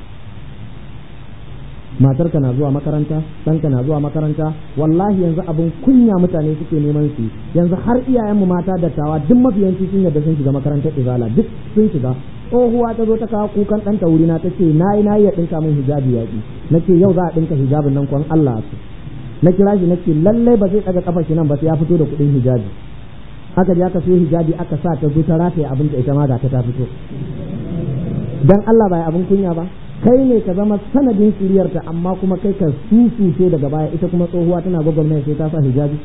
matarka na zuwa makaranta ɗanka na zuwa makaranta wallahi yanzu abin kunya mutane suke neman su yanzu har iyayenmu mata dattawa duk mafiyanci sun yadda sun shiga makarantar izala duk sun shiga tsohuwa ta zo ta kawo kukan ɗanta wurina ta ce na yi na yi ya ɗinka min hijabi yaƙi na ce yau za a ɗinka hijabin nan kwan Allah su na kira shi na ce lallai ba zai ɗaga ƙafar shi nan ba sai ya fito da kuɗin hijabi aka je aka siyo hijabi aka sa ta zo ta rataye abin ta ita ma ga ta ta fito dan Allah ba abin kunya ba kai ne ka zama sanadin shiriyarta amma kuma kai ka susuce daga baya ita kuma tsohuwa tana gwagwarmaya sai ta sa hijabi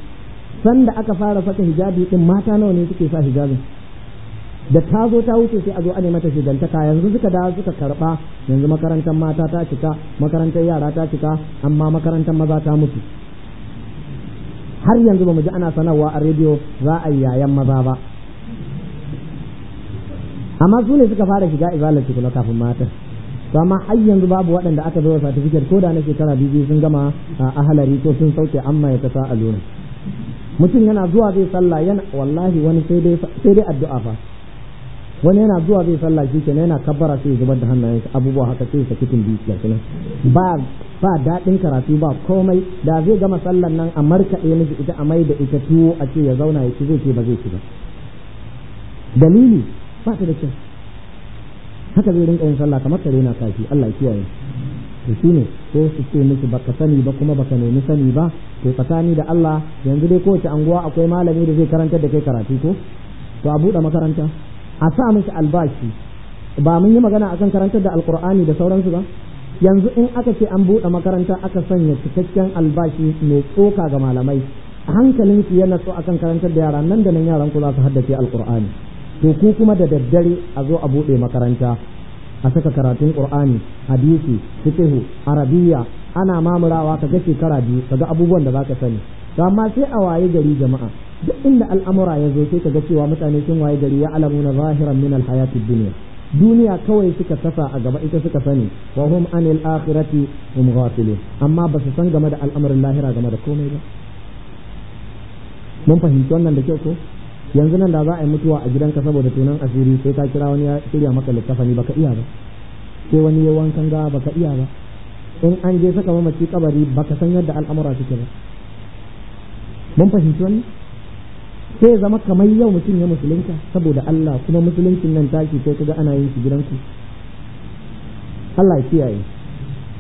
sanda aka fara saka hijabi din mata nawa ne suke sa hijabin da ta zo ta wuce sai a zo ane mata shigantaka yanzu suka dawo suka karba yanzu makarantar mata ta cika makarantar yara ta cika amma makarantar maza ta mutu har yanzu ba mu ji ana sanarwa a rediyo za a yi yayan maza ba amma su ne suka fara shiga izalar tukuna kafin matar to amma har yanzu babu waɗanda aka zo satifiket ko da na shekara biyu sun gama a halari ko sun sauke amma ya kasa a lona mutum yana zuwa zai sallah yana wallahi wani sai dai addu'a fa wani yana zuwa zai sallah shi kenan yana kabbara sai ya zubar da hannayen abubuwa haka sai ya saki tumbi kenan ba ba daɗin karatu ba komai da zai gama sallan nan a markaɗe miki ita a mai da ita tuwo a ce ya zauna ya ci zai ce ba zai ci ba dalili ba ta da kyau haka zai rinka yin sallah kamar tare na safi Allah ya kiyaye to shine ko su ce miki baka sani ba kuma baka nemi sani ba to tsakani da Allah yanzu dai kowace anguwa akwai malami da zai karantar da kai karatu ko to a buɗe makaranta a sa miki albashi ba mun yi magana akan karantar da alkur'ani da sauransu ba yanzu in aka ce an buɗe makaranta aka sanya cikakken albashi mai tsoka ga malamai hankalinki yana su akan karantar da yara nan da nan yaran ku za su haddace alkur'ani to ku kuma da daddare a zo a buɗe makaranta a saka karatun qur'ani hadisi fiqhu arabiya ana mamurawa ga shekara biyu ka ga abubuwan da zaka sani to amma sai a waye gari jama'a duk inda al'amura ya zo sai ka ga cewa mutane sun waye gari ya alamuna zahiran min alhayati dunya duniya kawai suka tafa a gaba ita suka sani wa hum anil akhirati hum ghafilun amma ba su san game da al'amarin lahira game da komai ba mun fahimci wannan da kyau ko yanzu nan da za a yi mutuwa a gidanka saboda tunan asiri sai ka kira wani ya shirya maka littafani baka iya ba sai wani ya wankan gawa baka iya ba in an je saka mamaci kabari baka san yadda al'amura suke ba mun fahimci wani sai ya zama kamar yau mutum ya musulunta saboda Allah kuma musuluncin nan taki sai kaga ana yin shi gidanku Allah ya kiyaye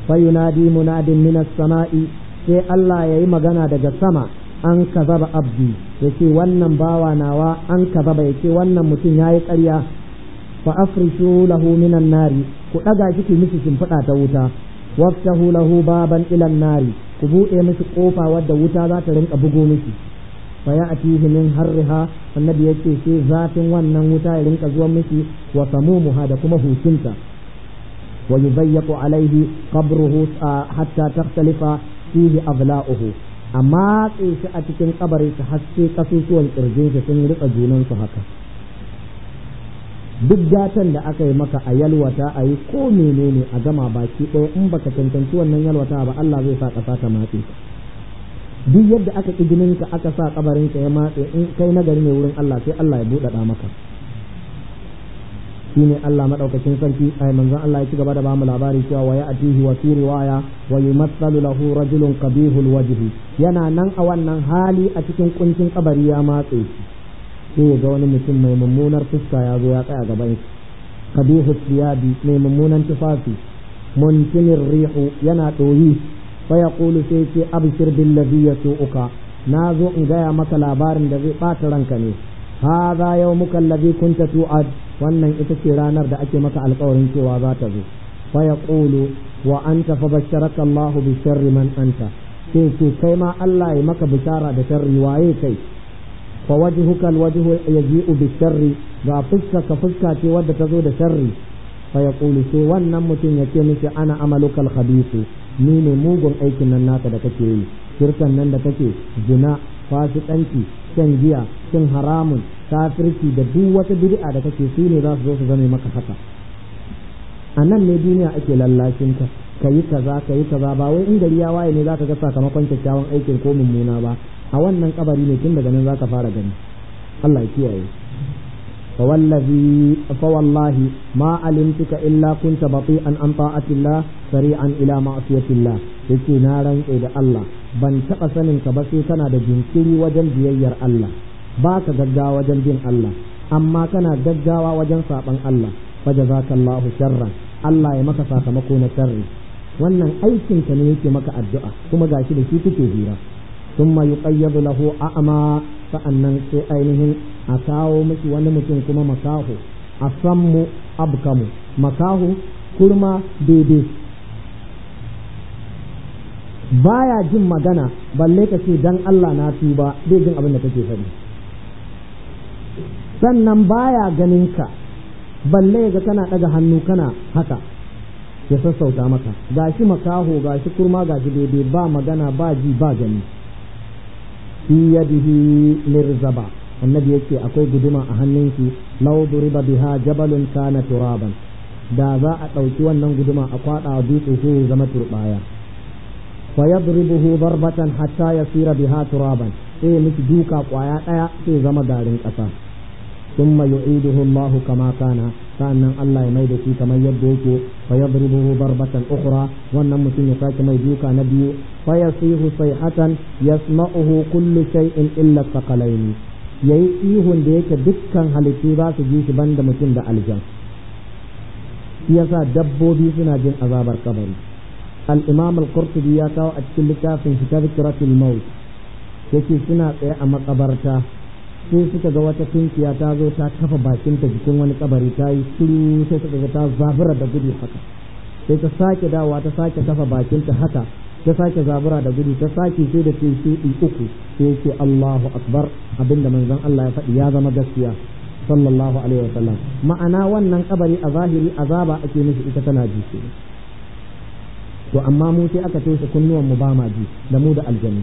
fayunadi munadin minas sama'i sai Allah ya yi magana daga sama an kazaba abdi ya ce wannan bawa nawa an ka ba ya ce wannan mutum ya yi ƙarya fa afrishu lahu minan nari ku ɗaga shi mishi shimfiɗa ta wuta waftahu lahu baban ilan nari ku buɗe mishi ƙofa wadda wuta za ta rinka bugo mishi fa ya'tihi min harriha annabi yace sai zafin wannan wuta ya rinka zuwa mishi wa samumuha da kuma hucinta wa yuzayyaqu alaihi qabruhu hatta takhtalifa fihi abla'uhu a matse shi a cikin kabarin shi haske kasusuwan kirjin shi sun rika junansu haka duk gatan da aka yi maka a yalwata a yi ko menene a gama baki ɗaya in baka cancanci wannan yalwata ba Allah zai sa ƙasa ta matse duk yadda aka ƙi ka aka sa kabarin ka ya matse in kai nagari ne wurin Allah sai Allah ya buɗaɗa maka ne Allah maɗaukacin sarki ai manzon Allah ya ci gaba da bamu labari cewa wa ya'tihi wa fi waya? wa yumathalu lahu rajulun qabihul wajhi yana nan a wannan hali a cikin kuncin kabari ya matse sai ga wani mutum mai mummunar fuska ya zo ya tsaya gaban shi qabihus siyabi mai mummunan tufafi muntinir rihu yana doyi fa yaqulu sai ce abshir billazi yasu'uka na zo in gaya maka labarin da zai bata ranka ne hadha yawmuka alladhi kunta tu'ad wannan ita ce ranar da ake maka alkawarin cewa za ta zo fa yaqulu wa anta fa basharaka Allah bi sharri man anta sai ce kai ma Allah ya maka bishara da sharri waye kai fa wajhuka alwajhu yaji'u bi sharri ga fuska ka fuska ce wadda ta zo da sharri fa yaqulu sai wannan mutum yake miki ana amaluka alkhabithu ni ne mugun aikin nan naka da kake yi shirkan nan da kake zina fasikanci shan giya cin haramun kafirci da duk wata bid'a da kake su ne za su zo su zame maka haka a nan ne duniya ake lallashin ka ka yi kaza ka yi kaza ba wai in gari ya waye ne za zaka ga sakamakon kyakkyawan aikin ko mummuna ba a wannan kabari ne tun daga nan ka fara gani Allah ya kiyaye فوالذي فوالله ما an إلا كنت sari'an عن طاعة الله yace na rantse da Allah ban taɓa sanin ka ba sai kana da jinkiri wajen biyayyar Allah. ba ka gaggawa wajen bin Allah amma kana gaggawa wajen saban Allah fa jazakallahu sharran Allah ya maka sakamako na sharri wannan aikin ka ne yake maka addu'a kuma gashi da shi kuke hira thumma yuqayyadu lahu a'ma sa'annan sai ainihin a kawo miki wani mutum kuma makaho asammu abkamu Makahu kurma daidai baya jin magana balle ka ce dan Allah na tuba dai jin abin da kake faɗi sannan baya ganin ka balle ga kana daga hannu kana haka ya sassauta maka gashi makaho gashi kurma gashi daidai ba magana ba ji ba gani fi yadihi mirzaba annabi yake akwai guduma a hannunki law duriba biha jabalun kana turaban da za a ɗauki wannan guduma a kwaɗa a dutse sai zama turbaya fa yadribuhu darbatan hatta ya yasira biha turaban sai ya miki duka kwaya ɗaya sai zama garin ƙasa ثم يعيده الله كما كان فأن الله يميد في كما يبدوك فيضربه ضربة أخرى وأن يساك ميدوك نبي فيصيح صيحة يسمعه كل شيء إلا الثقلين yayi ihun da yake dukkan halittu za su ji shi banda mutum da aljan yasa dabbobi suna jin azabar kabari Al'imamal imam ya kawo a cikin littafin shi tazkiratul maut yake suna tsaye a makabarta sai suka ga wata tunkiya ta zo ta kafa bakinta jikin wani kabari ta yi shiru sai suka ga ta zabura da gudu haka sai ta sake dawa ta sake kafa bakinta haka ta sake zabura da gudu ta sake sai da ce shuɗi uku sai ce Allahu akbar abinda manzon Allah ya faɗi ya zama gaskiya sallallahu alaihi wa sallam. ma'ana wannan kabari a zahiri azaba ake mishi ita tana ji to amma mu sai aka toshe kunnuwan mu ba ma ji da mu da aljanu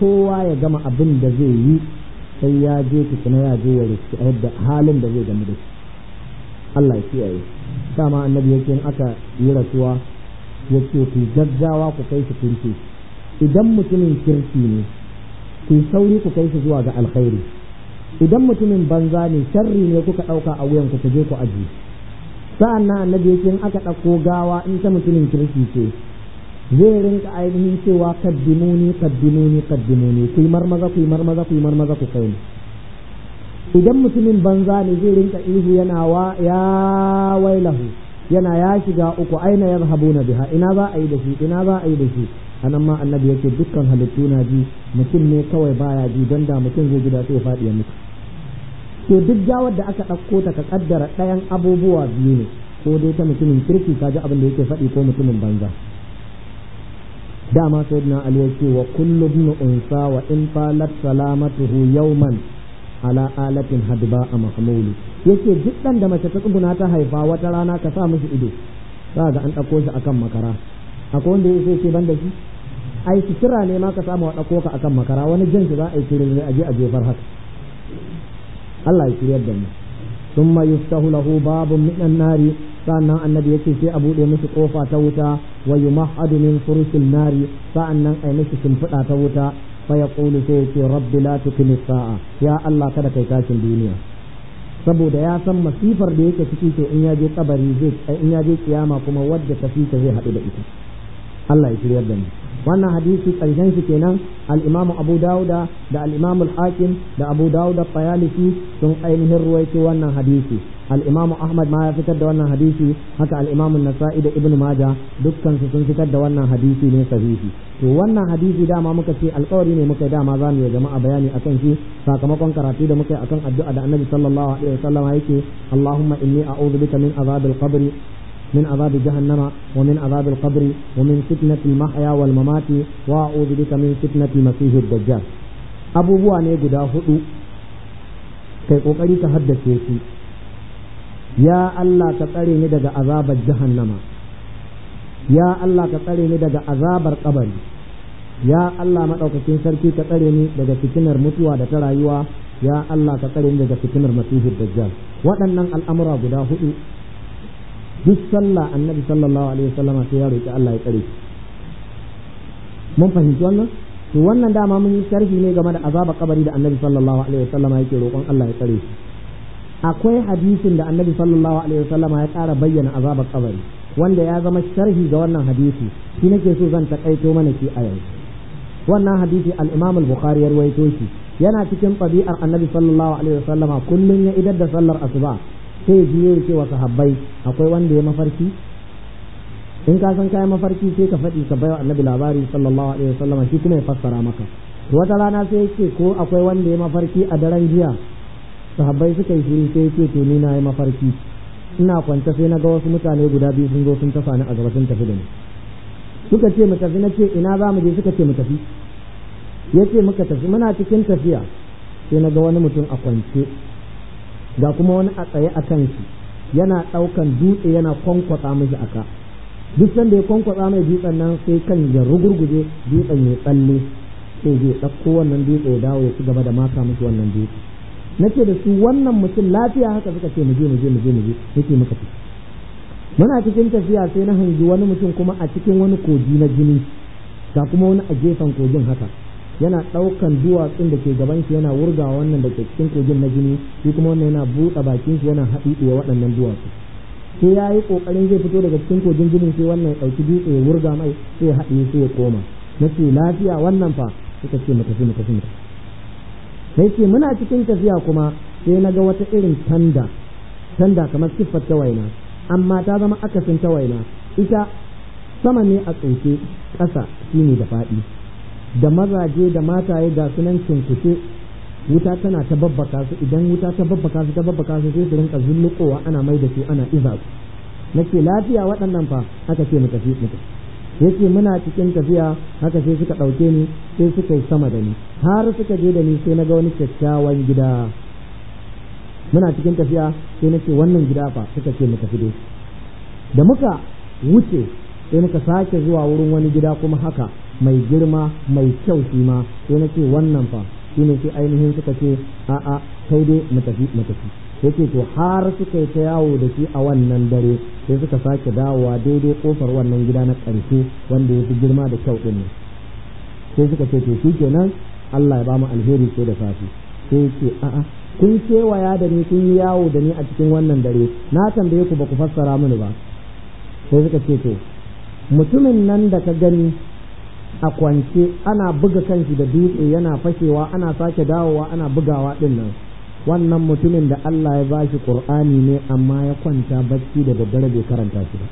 kowa ya gama abin da zai yi sai ya je tukuna ya je ya riski a yadda halin da zai da shi Allah ya kiyaye dama annabi yake in aka yi rasuwa ya ce ku gaggawa ku kai shi kirki idan mutumin kirki ne ku sauri ku kai shi zuwa ga alkhairi idan mutumin banza ne sharri ne kuka ɗauka a wuyan ku je ku aji sa'an nan annabi yake in aka ɗauko gawa in ta mutumin kirki ce zai rinka ainihin cewa kaddimuni kaddimuni kaddimuni ku marmaza ku marmaza ku marmaza ku kai idan mutumin banza ne zai rinka ihu yana wa ya wailahu yana ya shiga uku aina ya na biha ina za a yi da shi ina za a yi da shi anan ma annabi yake dukkan halittu na ji mutum ne kawai baya ji don da mutum zai gida sai ya faɗi ya mutu to duk jawar da aka ɗauko ta ka ƙaddara ɗayan abubuwa biyu ne ko dai ta mutumin kirki ka ji abin da yake faɗi ko mutumin banza dama sayyidina ali yake wa kullum ibn unsa wa in falat salamatuhu yawman man ala'alatin hadba a mahmulu yake duk dan da mace ta tsuguna ta haifa wata rana ka sa mishi ido za ga an ɗauko shi akan makara akwai wanda yake ce banda shi ai kira ne ma ka samu a ɗauko ka akan makara wani jin shi za a yi kirin ne a je a jefar haka Allah ya kiryar da mu ثم يفتح له babu miɗan النار sa'annan annabi yace sai a bude musu kofa ta wuta wa yumahadu min furusil nari sa'annan ai musu shimfiɗa ta wuta fa yaqulu sai yace rabbi la tuqim sa'a ya Allah kada kai tashin duniya saboda ya san masifar da yake ciki to in ya je kabari zai eh, in ya je kiyama kuma wadda tafi ta zai haɗu da ita Allah ya shiryar da mu wannan hadisi karshen shi kenan al Abu Dawuda da al-Imam al-Hakim da Abu da'uda al sun ainihin ruwaito wannan hadisi al-imamu ahmad ma ya fitar da wannan hadisi haka al-imamu nasa'i da ibnu maja dukkan sun fitar da wannan hadisi ne sahihi to wannan hadisi dama muka ce alƙawari ne muka dama za mu yi jama'a bayani akan shi sakamakon karatu da muka yi akan addu'a da annabi sallallahu alaihi wasallam yake Allahuma inni a'udhu bika min azabil qabri من عذاب جهنم ومن عذاب القبر ومن فتنة المحيا والممات وأعوذ بك من فتنة المسيح الدجال أبو بواني قدا هدو كي قوكري تحدث يسي ya Allah ka tsare ni daga azabar jahannama ya Allah ka tsare ni daga azabar kabari ya Allah madaukakin sarki ka tsare ni daga fitinar mutuwa da ta rayuwa ya Allah ka tsare ni daga fitinar masihu dajjal waɗannan al'amura guda hudu duk sallah annabi sallallahu alaihi wasallama sai ya roki Allah ya tsare mun fahimci wannan to wannan dama mun yi sharhi ne game da azabar kabari da annabi sallallahu alaihi wasallama yake roƙon Allah ya tsare shi akwai hadisin da annabi sallallahu alaihi wasallama ya ƙara bayyana azabar kabari wanda ya zama sharhi ga wannan hadisi shi nake so zan takaito mana shi a yanzu wannan hadisi al-Imam al-Bukhari ya ruwaito shi yana cikin tabi'ar annabi sallallahu alaihi wasallama kullun ya idar da sallar asuba sai biye ce wa sahabbai akwai wanda ya mafarki in ka san kayan mafarki sai ka faɗi ka baiwa annabi labari sallallahu alaihi wasallama shi kuma ya fassara maka wata rana sai ya ce ko akwai wanda ya mafarki a daren jiya sahabbai suka yi shiri sai ce to ni na yi mafarki ina kwanta sai na ga wasu mutane guda biyu sun zo sun tafa ni a gaba sun tafi da ni suka ce mu tafi na ce ina za mu je suka ce mu tafi ya ce muka tafi muna cikin tafiya sai na ga wani mutum a kwance ga kuma wani a tsaye a kan shi yana ɗaukan dutse yana kwankwatsa a ka duk sanda ya kwankwatsa mai dutsen nan sai kan ya rugurguje dutsen ya tsalle sai zai ɗauko wannan dutse ya dawo ya ci gaba da maka mishi wannan dutse nace da su wannan mutum lafiya haka suka ce muje muje muje muje nake maka fi muna cikin tafiya sai na hangi wani mutum kuma a cikin wani kogi na jini ga kuma wani a gefen kogin haka yana ɗaukan duwatsun da ke gaban shi yana wurga wannan da ke cikin kogin na jini shi kuma wannan yana buɗe bakin shi yana haɗi wa waɗannan duwatsu sai ya yi ƙoƙarin zai fito daga cikin kogin jini sai wannan ya ɗauki dutse ya wurga mai sai ya haɗe sai ya koma na ce lafiya wannan fa suka ce mu tafi mu tafi mu sai ce muna cikin tafiya kuma sai na ga wata irin tanda tanda kamar siffar ta waina amma ta zama akasin ta waina ita sama ne a tsoke ƙasa shine da faɗi da mazaje da mataye ga sunan cinkushe wuta tana ta babbaka su idan wuta ta babbaka su ta babbaka su sai su rinka zullukowa ana mai da su ana iza su nake lafiya waɗannan fa aka ce mu tafi mu tafi ya ce muna cikin tafiya haka sai suka ɗauke ni sai suka yi sama da ni har suka je da ni sai na ga wani kyakkyawan gida muna cikin tafiya sai na ce wannan gida fa suka ce mu tafi dai da muka wuce sai muka sake zuwa wurin wani gida kuma haka mai girma mai kyau shi ma sai na ce wannan fa shi ne sai ainihin suka ce a'a kai dai mu tafi mu tafi yake to har suka yi ta yawo da shi a wannan dare sai suka sake dawowa daidai kofar wannan gida na ƙarshe wanda ya fi girma da kyau ɗin sai suka ce to shi kenan Allah ya ba mu alheri sai da safe sai ya ce a'a kun kewaya da ni kun yi yawo da ni a cikin wannan dare na tambaye ku ba ku fassara mini ba sai suka ce to mutumin nan da ka gani a kwance ana buga kanshi da dutse yana fashewa ana sake dawowa ana bugawa ɗin nan wannan mutumin da Allah ya bashi kur'ani ne amma ya kwanta bacci da daddare bai karanta shi ba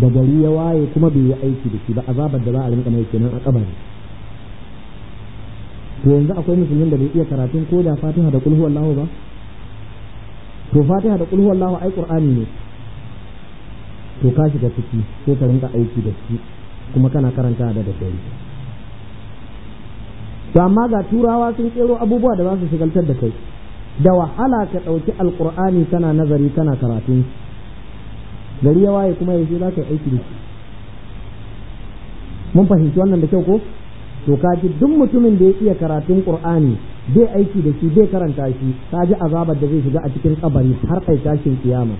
da gari ya waye kuma bai yi aiki da shi ba azabar da za a rinka mai kenan a kabari to yanzu akwai musulmin da bai iya karatun ko da Fatiha da Qul wallahu ba to Fatiha da Qul wallahu ai Qur'ani ne to ka shiga ciki sai ka rinka aiki da shi kuma kana karanta da daddare to amma ga turawa sun kero abubuwa da za su shigaltar da kai da wahala ka ɗauki alƙur'ani kana nazari kana karatu gari ya waye kuma yaushe za ka yi aiki da shi mun fahimci wannan da kyau ko to ka ji duk mutumin da ya iya karatun ƙur'ani bai aiki da shi bai karanta shi ka ji azabar da zai shiga a cikin kabari har kai tashin kiyama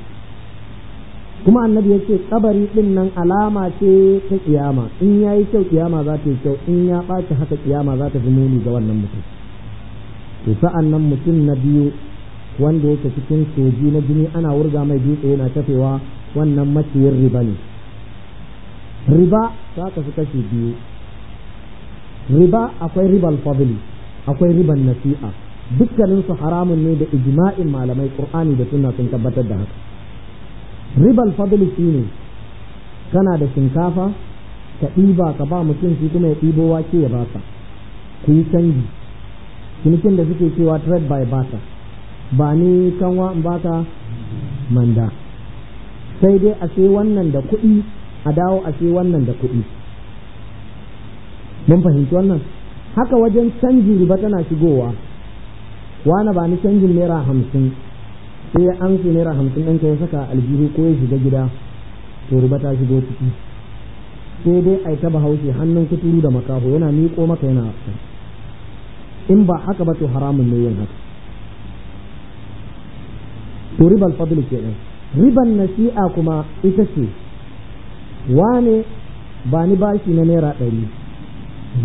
kuma annabi ce kabari din nan alama ce ta kiyama in ya yi kyau kiyama za ta yi kyau in ya ɓaci haka kiyama za ta fi muni ga wannan mutum to sa'an nan mutum na biyu wanda yake cikin soji na jini ana wurga mai dutse yana tafewa wannan maciyin riba ne riba za ka fi kashe biyu riba akwai ribal fadli akwai riban nasi'a dukkaninsu haramun ne da ijma'in malamai qur'ani da sunna sun tabbatar da haka ribal fadli ne kana da shinkafa ka ɗiba ka ba mutum shi kuma ya ɗibo wake ya baka ku yi canji cinikin da suke cewa trade by bata ba ni kanwa in baka manda sai dai a sai wannan da kuɗi a dawo a sai wannan da kuɗi mun fahimci wannan haka wajen canji riba tana shigowa wani ba ni canjin naira hamsin sai ya amsa naira hamsin ɗanka ya saka aljihu ko ya shiga gida to riba ta shigo ciki sai dai a ta bahaushe hannun kuturu da makaho yana miƙo maka yana afka in ba haka ba to haramun ne yin haka to ribal fadl kenan riban nasi'a kuma ita ce wane ba ni bashi na naira ɗari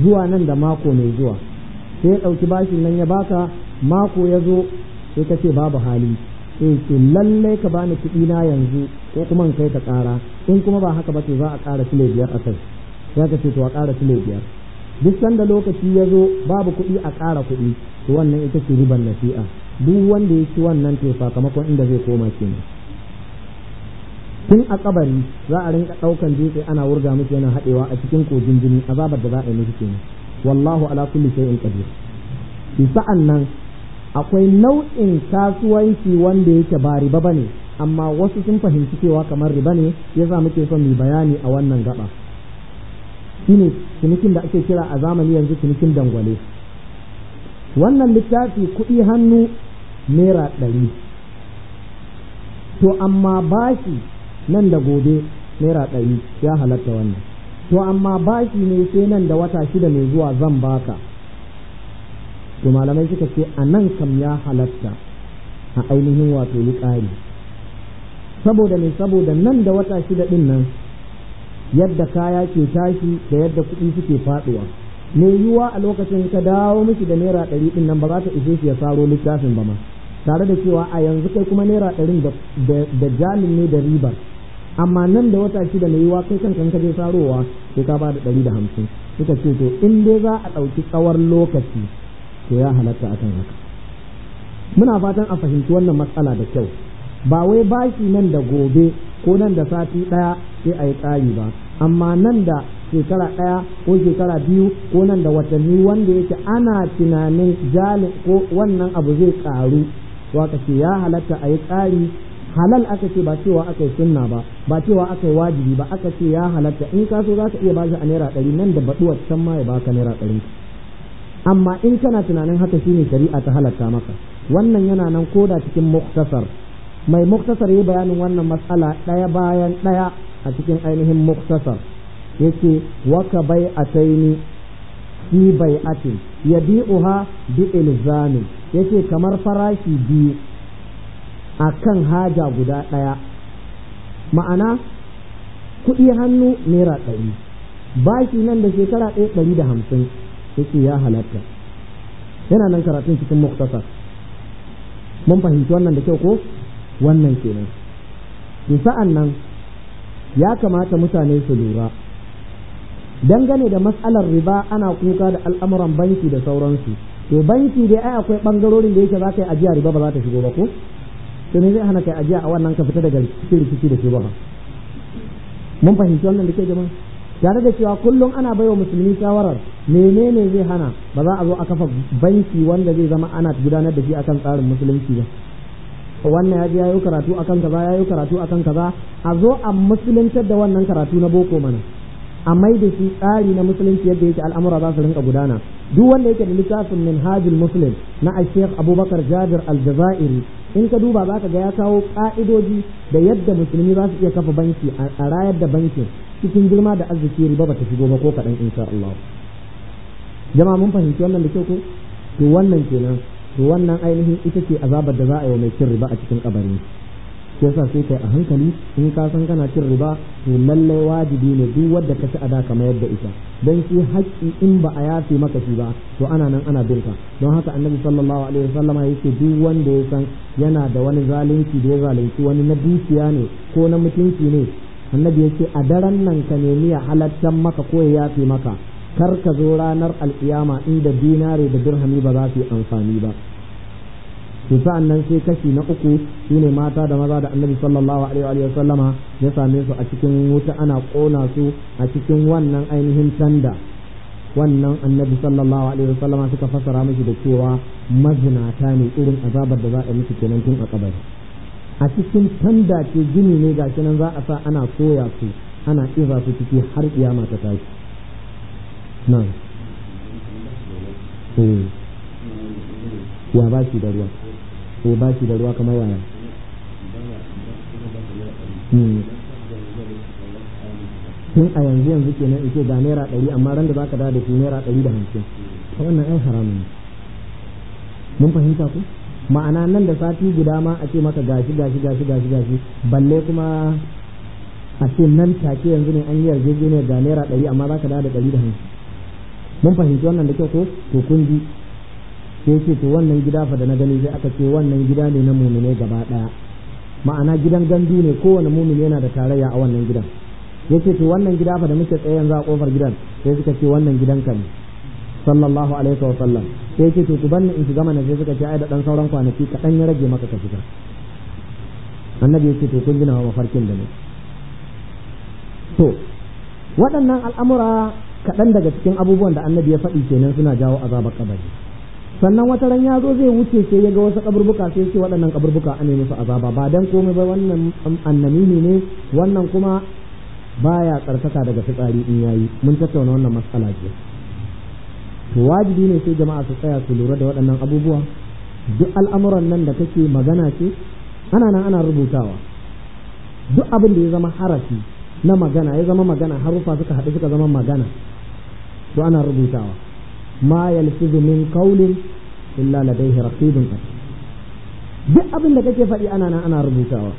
zuwa nan da mako mai zuwa sai ya ɗauki bashin nan ya baka mako ya zo sai ka ce babu hali in ce lalle ka bani kuɗi na yanzu ko kuma in kai ka ƙara in kuma ba haka ba to za a ƙara file biyar a kai ya ka ce to a ƙara file biyar duk sanda lokaci ya zo babu kuɗi a ƙara kuɗi to wannan ita ce riban nasi'a duk wanda ya ci wannan to sakamakon inda zai koma ke ne tun a ƙabari za a rinka ɗaukan dutse ana wurga musu yana haɗewa a cikin kogin jini azabar da za a yi musu kenan wallahu ala kulli shay'in qadir sa'an nan akwai nau'in kasuwanci wanda yake ba riba bane amma wasu sun fahimci cewa kamar riba ne ya sa muke son mu bayani a wannan gaba shine cinikin da ake kira a zamani yanzu cinikin dangwale wannan littafi kuɗi hannu naira ɗari to amma bashi nan da gobe naira ɗari ya halatta wannan to amma bashi ne sai nan da wata shida mai zuwa zan baka to malamai suka ce a nan kam ya halatta a ainihin wato ni ƙari saboda ne saboda nan da wata shida ɗin nan yadda kaya ke tashi da yadda kuɗi suke faɗuwa mai yiwuwa a lokacin ka dawo miki da naira ɗari ɗin nan ba za ta ishe shi ya saro littafin ba ma tare da cewa a yanzu kai kuma naira ɗarin da jalin ne da ribar amma nan da wata shida mai yiwuwa kai kanka ka je sarowa sai ka ba da ɗari da hamsin suka ce to in dai za a ɗauki tsawon lokaci to ya halatta akan haka muna fatan a fahimci wannan matsala da kyau ba wai bashi nan da gobe ko nan da sati ɗaya sai a yi tsari ba amma nan da shekara ɗaya ko shekara biyu ko nan da watanni wanda yake ana tunanin jalin ko wannan abu zai ƙaru aka ce ya halatta a yi ƙari halal aka ce ba cewa aka yi sunna ba ba cewa aka yi wajibi ba aka ce ya halatta in ka so za ka iya ba shi a naira ɗari nan da baɗuwar can ma ya baka naira ɗari amma in kana tunanin haka shine shari'a ta halatta maka wannan yana nan koda cikin muktasar mai muktasar yi bayanin wannan matsala ɗaya bayan ɗaya a cikin ainihin muktasar yace waka bai ataini fi bai atin ya bi ilzamin yace kamar farashi biyu a kan haja guda ɗaya ma'ana kuɗi hannu naira ɗari bashi nan da shekara ɗaya ɗari da hamsin yake ya halatta yana nan karatun cikin muktasa mun fahimci wannan da kyau ko wannan kenan to sa'an nan ya kamata mutane su lura dangane da matsalar riba ana kuka da al'amuran banki da sauransu to banki dai ai akwai bangarorin da yake za ka ajiya riba ba za ta shigo ba ko to ne zai hana kai ajiya a wannan ka fita daga cikin rikici da shi ba mun fahimci wannan da ke jama'a tare da cewa kullum ana bai wa musulmi shawarar menene zai hana ba za a zo a kafa banki wanda zai zama ana gudanar da shi akan tsarin musulunci ba wannan ya ji karatu akan kaza ya yi karatu akan kaza a zo a musuluntar da wannan karatu na boko mana a mai da shi tsari na musulunci yadda yake al'amura za su rinka gudana duk wanda yake da littafin minhajul muslim na a abubakar jabir aljaza'iri in ka duba za ka ga ya kawo ka'idoji da yadda musulmi za su iya kafa banki a rayar da bankin cikin girma da arziki riba bata shigo ba ko kaɗan insha Allah jama'a mun fahimci wannan da kyau ko to wannan kenan to wannan ainihin ita ce azabar da za a yi mai cin riba a cikin kabari shi yasa sai kai a hankali in ka san kana cin riba to lallai wajibi ne duk wanda ka ci ada ka yadda ita dan shi haƙƙi in ba a yafe maka shi ba to ana nan ana bin ka don haka annabi sallallahu alaihi wasallama yake duk wanda ya san yana da wani zalunci da ya zalunci wani na dukiya ne ko na mutunci ne annabi ya ce a daren nan ka nemi ya halattan maka ko ya yafe maka kar ka zo ranar alkiyama inda dinare da dirhami ba za su yi amfani ba to nan sai kashi na uku ne mata da maza da annabi sallallahu alaihi wa sallama ya same su a cikin wuta ana kona su a cikin wannan ainihin tanda wannan annabi sallallahu alaihi wa sallama suka fassara miki da cewa mazinata ne irin azabar da za a miki kenan tun a kabari a cikin tanda ke gini ne ga nan za a sa ana soya su ana ƙiza su ciki har kiyama ta tashi nan eh. ya ba shi da ruwa ko eh, ba shi da ruwa kamar yaya hmm. tun a yanzu yanzu ke nan ike ga naira ɗari amma ran da za ka da shi naira ɗari da hamsin wannan ai haramun mun fahimta ku ma'ana nan da sati guda ma a ce maka gashi gashi gashi gashi gashi balle kuma a ce nan take yanzu ne an yi yarjejeniyar ga naira ɗari amma za ka da ɗari da hamsin mun fahimci wannan da kyau ko to kun ji sai ce to wannan gida fa da na gani sai aka ce wannan gida ne na mumine gaba ɗaya ma'ana gidan gandu ne kowane mumine yana da tarayya a wannan gidan yace to wannan gida fa da muke tsaye yanzu a kofar gidan sai suka ce wannan gidan ka ne sallallahu alaihi wa sallam sai yake to ku in shiga mana sai suka ce ai da dan sauran kwanaki kaɗan ya rage maka ka shiga annabi yake to kun gina wa mafarkin da ne to waɗannan al'amura kaɗan daga cikin abubuwan da annabi ya faɗi kenan suna jawo azabar kabari sannan wata ran ya zo zai wuce sai ya ga wasu kaburbuka sai ce waɗannan kaburbuka an musu azaba ba dan komai ba wannan annamini ne wannan kuma baya tsarkaka daga fitsari in yayi mun tattauna wannan matsala jiya to wajibi ne sai jama'a su tsaya su lura da waɗannan abubuwa duk al'amuran nan da kake magana ce ana nan ana rubutawa duk abin da ya zama harafi na magana ya zama magana harufa suka haɗu suka zama magana to ana rubutawa ma yalfizu min qawlin illa ladayhi raqibun duk abin da kake faɗi ana nan ana rubutawa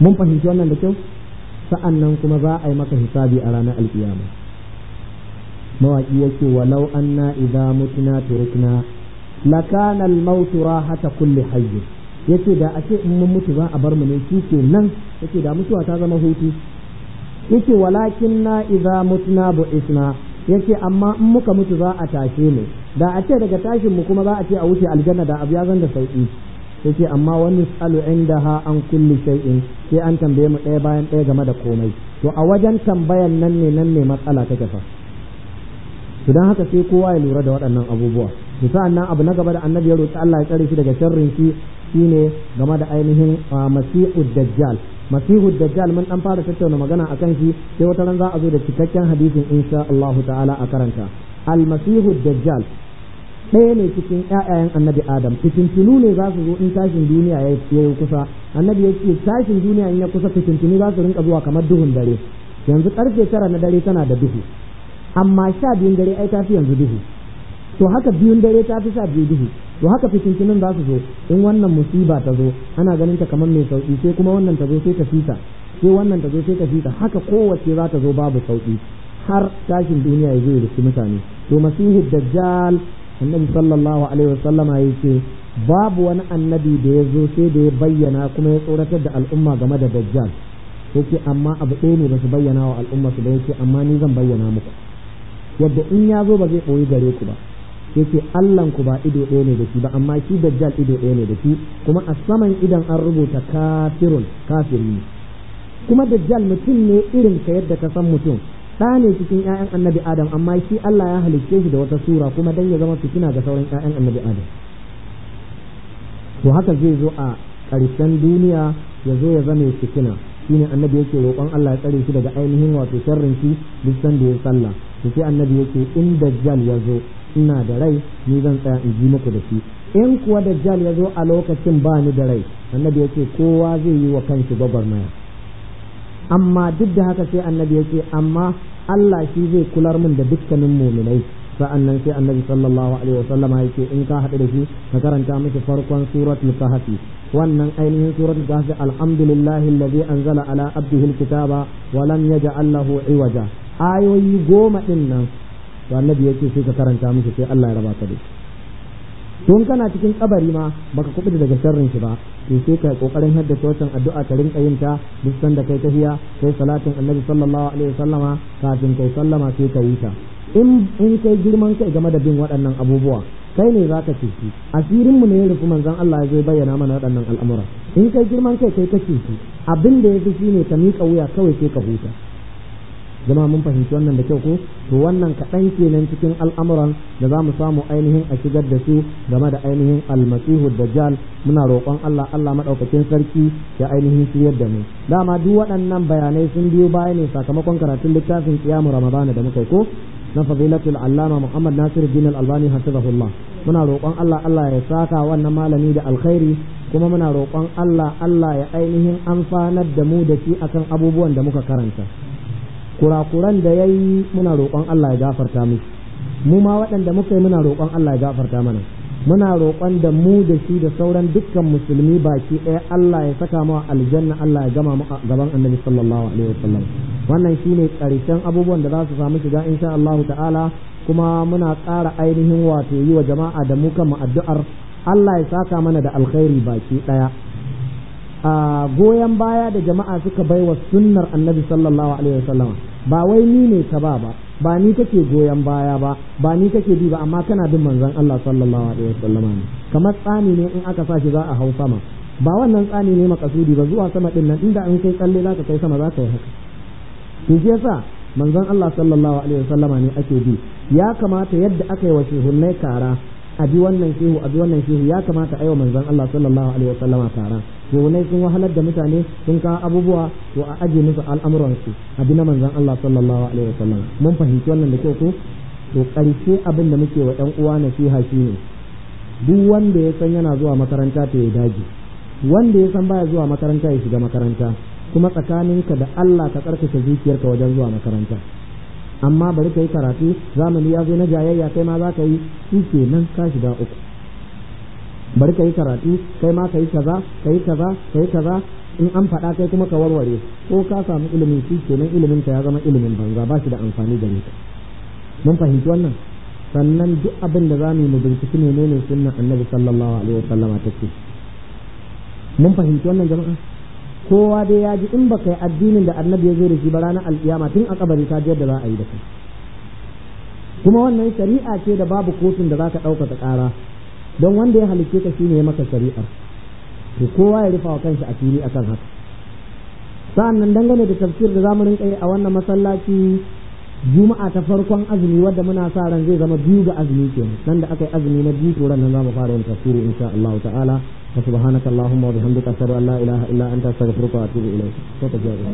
mun fahimci wannan da kyau sa'an nan kuma za a yi maka hisabi a ranar alƙiyama mawaki yake walau anna idza mutuna turukna lakana al-maut rahata kulli hayy yace da ake in mun mutu za a bar mu ne shi nan yace da mutuwa ta zama hutu yace walakin na idza mutuna ya yace amma in muka mutu za a tashe mu da a ce daga tashin mu kuma za a ce a wuce aljanna da abu ya zan da sauki yace amma wani tsalu indaha an kulli shay'in sai an tambaye mu ɗaya bayan ɗaya game da komai to a wajen tambayan nan ne nan ne matsala ta fa idan haka sai kowa ya lura da waɗannan abubuwa to sa'annan abu na gaba da annabi ya roki Allah ya tsare shi daga sharrin shi shine game da ainihin masihu dajjal masihu dajjal mun dan fara tattauna magana akan shi sai wata ran za a zo da cikakken hadisin insha Allah ta'ala a karanta al masihu dajjal ɗaya ne cikin ƴaƴayen annabi adam fitintunu ne za su zo in tashin duniya ya yi kusa annabi ya ce tashin duniya in ya kusa fitintunu za su rinka zuwa kamar duhun dare yanzu karfe tara na dare tana da duhu amma sha biyun dare ai tafi yanzu duhu to haka biyun dare ta fi sha biyu duhu to haka fitintunan za su zo in wannan musiba ta zo ana ganin ta kamar mai sauki sai kuma wannan ta zo sai ta fita sai wannan ta zo sai ta fita haka kowace za ta zo babu sauki har tashin duniya ya zo ya rufe mutane to masihu dajjal annabi sallallahu alaihi wasallama ya ce babu wani annabi da ya zo sai da ya bayyana kuma ya tsoratar da al'umma game da dajjal yake amma abu ɗaya ne ba su bayyana wa al'umma su da yake amma ni zan bayyana muku yadda in ya zo ba zai ɓoyi gare ku ba yake allahn ku ba ido ɗaya ne da shi ba amma shi dajjal ido ɗaya ne da shi kuma a saman idan an rubuta kafirun kafiri kuma dajjal mutum ne irin ka yadda ka san mutum ɗa ne cikin ƴaƴan annabi adam amma shi Allah ya halicce shi da wata sura kuma dan ya zama fitina ga sauran ƴaƴan annabi adam to haka zai zo a ƙarshen duniya ya zo ya zame fitina shine annabi yake roƙon Allah ya tsare shi daga ainihin wato sharrin shi duk san da ya sallah to sai annabi yake in dajjal ya zo ina da rai ni zan tsaya in ji muku da shi in kuwa dajjal ya zo a lokacin ba ni da rai annabi yake kowa zai yi wa kanshi gwagwarmaya amma duk da haka sai annabi yake amma Allah shi zai kular min da dukkanin muminai sa'annan sai annabi sallallahu alaihi wasallama yake in ka haɗu da shi ka karanta miki farkon suratul kahfi wannan ainihin surat kahfi alhamdulillahi alladhi anzala ala abdihi alkitaba wa lam yaj'al lahu iwaja ayoyi goma din nan to annabi yake sai ka karanta musu sai Allah ya raba ka da tun kana cikin kabari ma baka kubuta daga sharrin shi ba to sai ka kokarin hadda wannan addu'a ka rinka yin ta duk sanda kai tahiya kai salatin annabi sallallahu alaihi wasallama kafin kai sallama sai ka wuta in in kai girman kai game da bin waɗannan abubuwa kai ne za ka shi asirin mu ne ya rufu manzon Allah ya zo bayyana mana waɗannan al'amura in kai girman kai kai kake shi abin da yafi ne ka miƙa wuya kawai sai ka huta Zama mun fahimci wannan da kyau ko to wannan kaɗan kenan cikin al'amuran da za mu samu ainihin a shigar da su game da ainihin almasihu dajjal muna roƙon Allah Allah maɗaukacin sarki ya ainihin shiryar da mu dama duk waɗannan bayanai sun biyo baya ne sakamakon karatun littafin kiyamu ramadana da muka ko na fadilatul allama muhammad nasir bin albani albani hafizahullah muna roƙon Allah Allah ya saka wannan malami da alkhairi kuma muna roƙon Allah Allah ya ainihin amfanar da mu da shi akan abubuwan da muka karanta kurakuran da yayi muna roƙon Allah ya gafarta mu mu ma waɗanda muka yi muna roƙon Allah ya gafarta mana muna roƙon da mu da shi da sauran dukkan musulmi baki ɗaya Allah ya saka mu aljanna Allah ya gama mu gaban Annabi sallallahu alaihi wasallam wannan shine ƙarshen abubuwan da za su samu shiga insha Allah ta'ala kuma muna ƙara ainihin wato yi wa jama'a da mu kan addu'ar Allah ya saka mana da alkhairi baki ɗaya a goyon baya da jama'a suka baiwa sunnar Annabi sallallahu alaihi wasallam ba wai ni ne ta ba ba ba ni kake goyon baya ba ba ni kake bi ba amma kana bin manzon Allah sallallahu alaihi wasallama ne kamar tsani ne in aka sa shi za a hau sama ba wannan tsani ne makasudi ba zuwa sama din nan inda in kai tsalle zaka kai sama zaka yi haka to shi yasa manzon Allah sallallahu alaihi wasallama ne ake bi ya kamata yadda aka yi wa shehunnai kara a bi wannan shehu a bi wannan shehu ya kamata a aiwa manzon Allah sallallahu alaihi wasallama tara shehunai sun wahalar da mutane sun kawo abubuwa to a aje musu al'amuran su a bi na manzon Allah sallallahu alaihi wasallam mun fahimci wannan da kyau ko to karshe abin da muke wa ɗan uwa na nasiha ne duk wanda ya san yana zuwa makaranta ta ya dage wanda ya san baya zuwa makaranta ya shiga makaranta kuma tsakaninka da Allah ka tsarkake zuciyarka wajen zuwa makaranta amma bari ka yi karatu zamani ya zo na jayayya kai ma za ka yi shi ke nan ka shiga uku bari ka yi karatu kai ma ka yi kaza ka yi kaza ka yi kaza in an faɗa kai kuma ka warware ko ka samu ilimin shi ke nan ilimin ka ya zama ilimin banza ba shi da amfani gare ka mun fahimci wannan sannan duk abin da za mu yi mu binciki menene sunnan annabi sallallahu alaihi wasallama take mun fahimci wannan jama'a kowa dai ya ji in baka yi addinin da annabi ya zo da shi ba ranar alƙiyama tun a kabari ta da za a yi da kai kuma wannan shari'a ce da babu kotun da za ka ɗauka ta ƙara don wanda ya halicce ka shine ya maka shari'ar to kowa ya rufa wa kansa a akan haka sa'an nan dangane da tafsir da zamu rinka yi a wannan masallaci juma'a ta farkon azumi wadda muna sa ran zai zama biyu ga azumi kenan nan da aka yi azumi na biyu to ran nan za mu fara wani tafsiri insha Allah ta'ala فسبحانك اللهم وبحمدك أشهد أن لا إله إلا أنت أستغفرك وأتوب إليك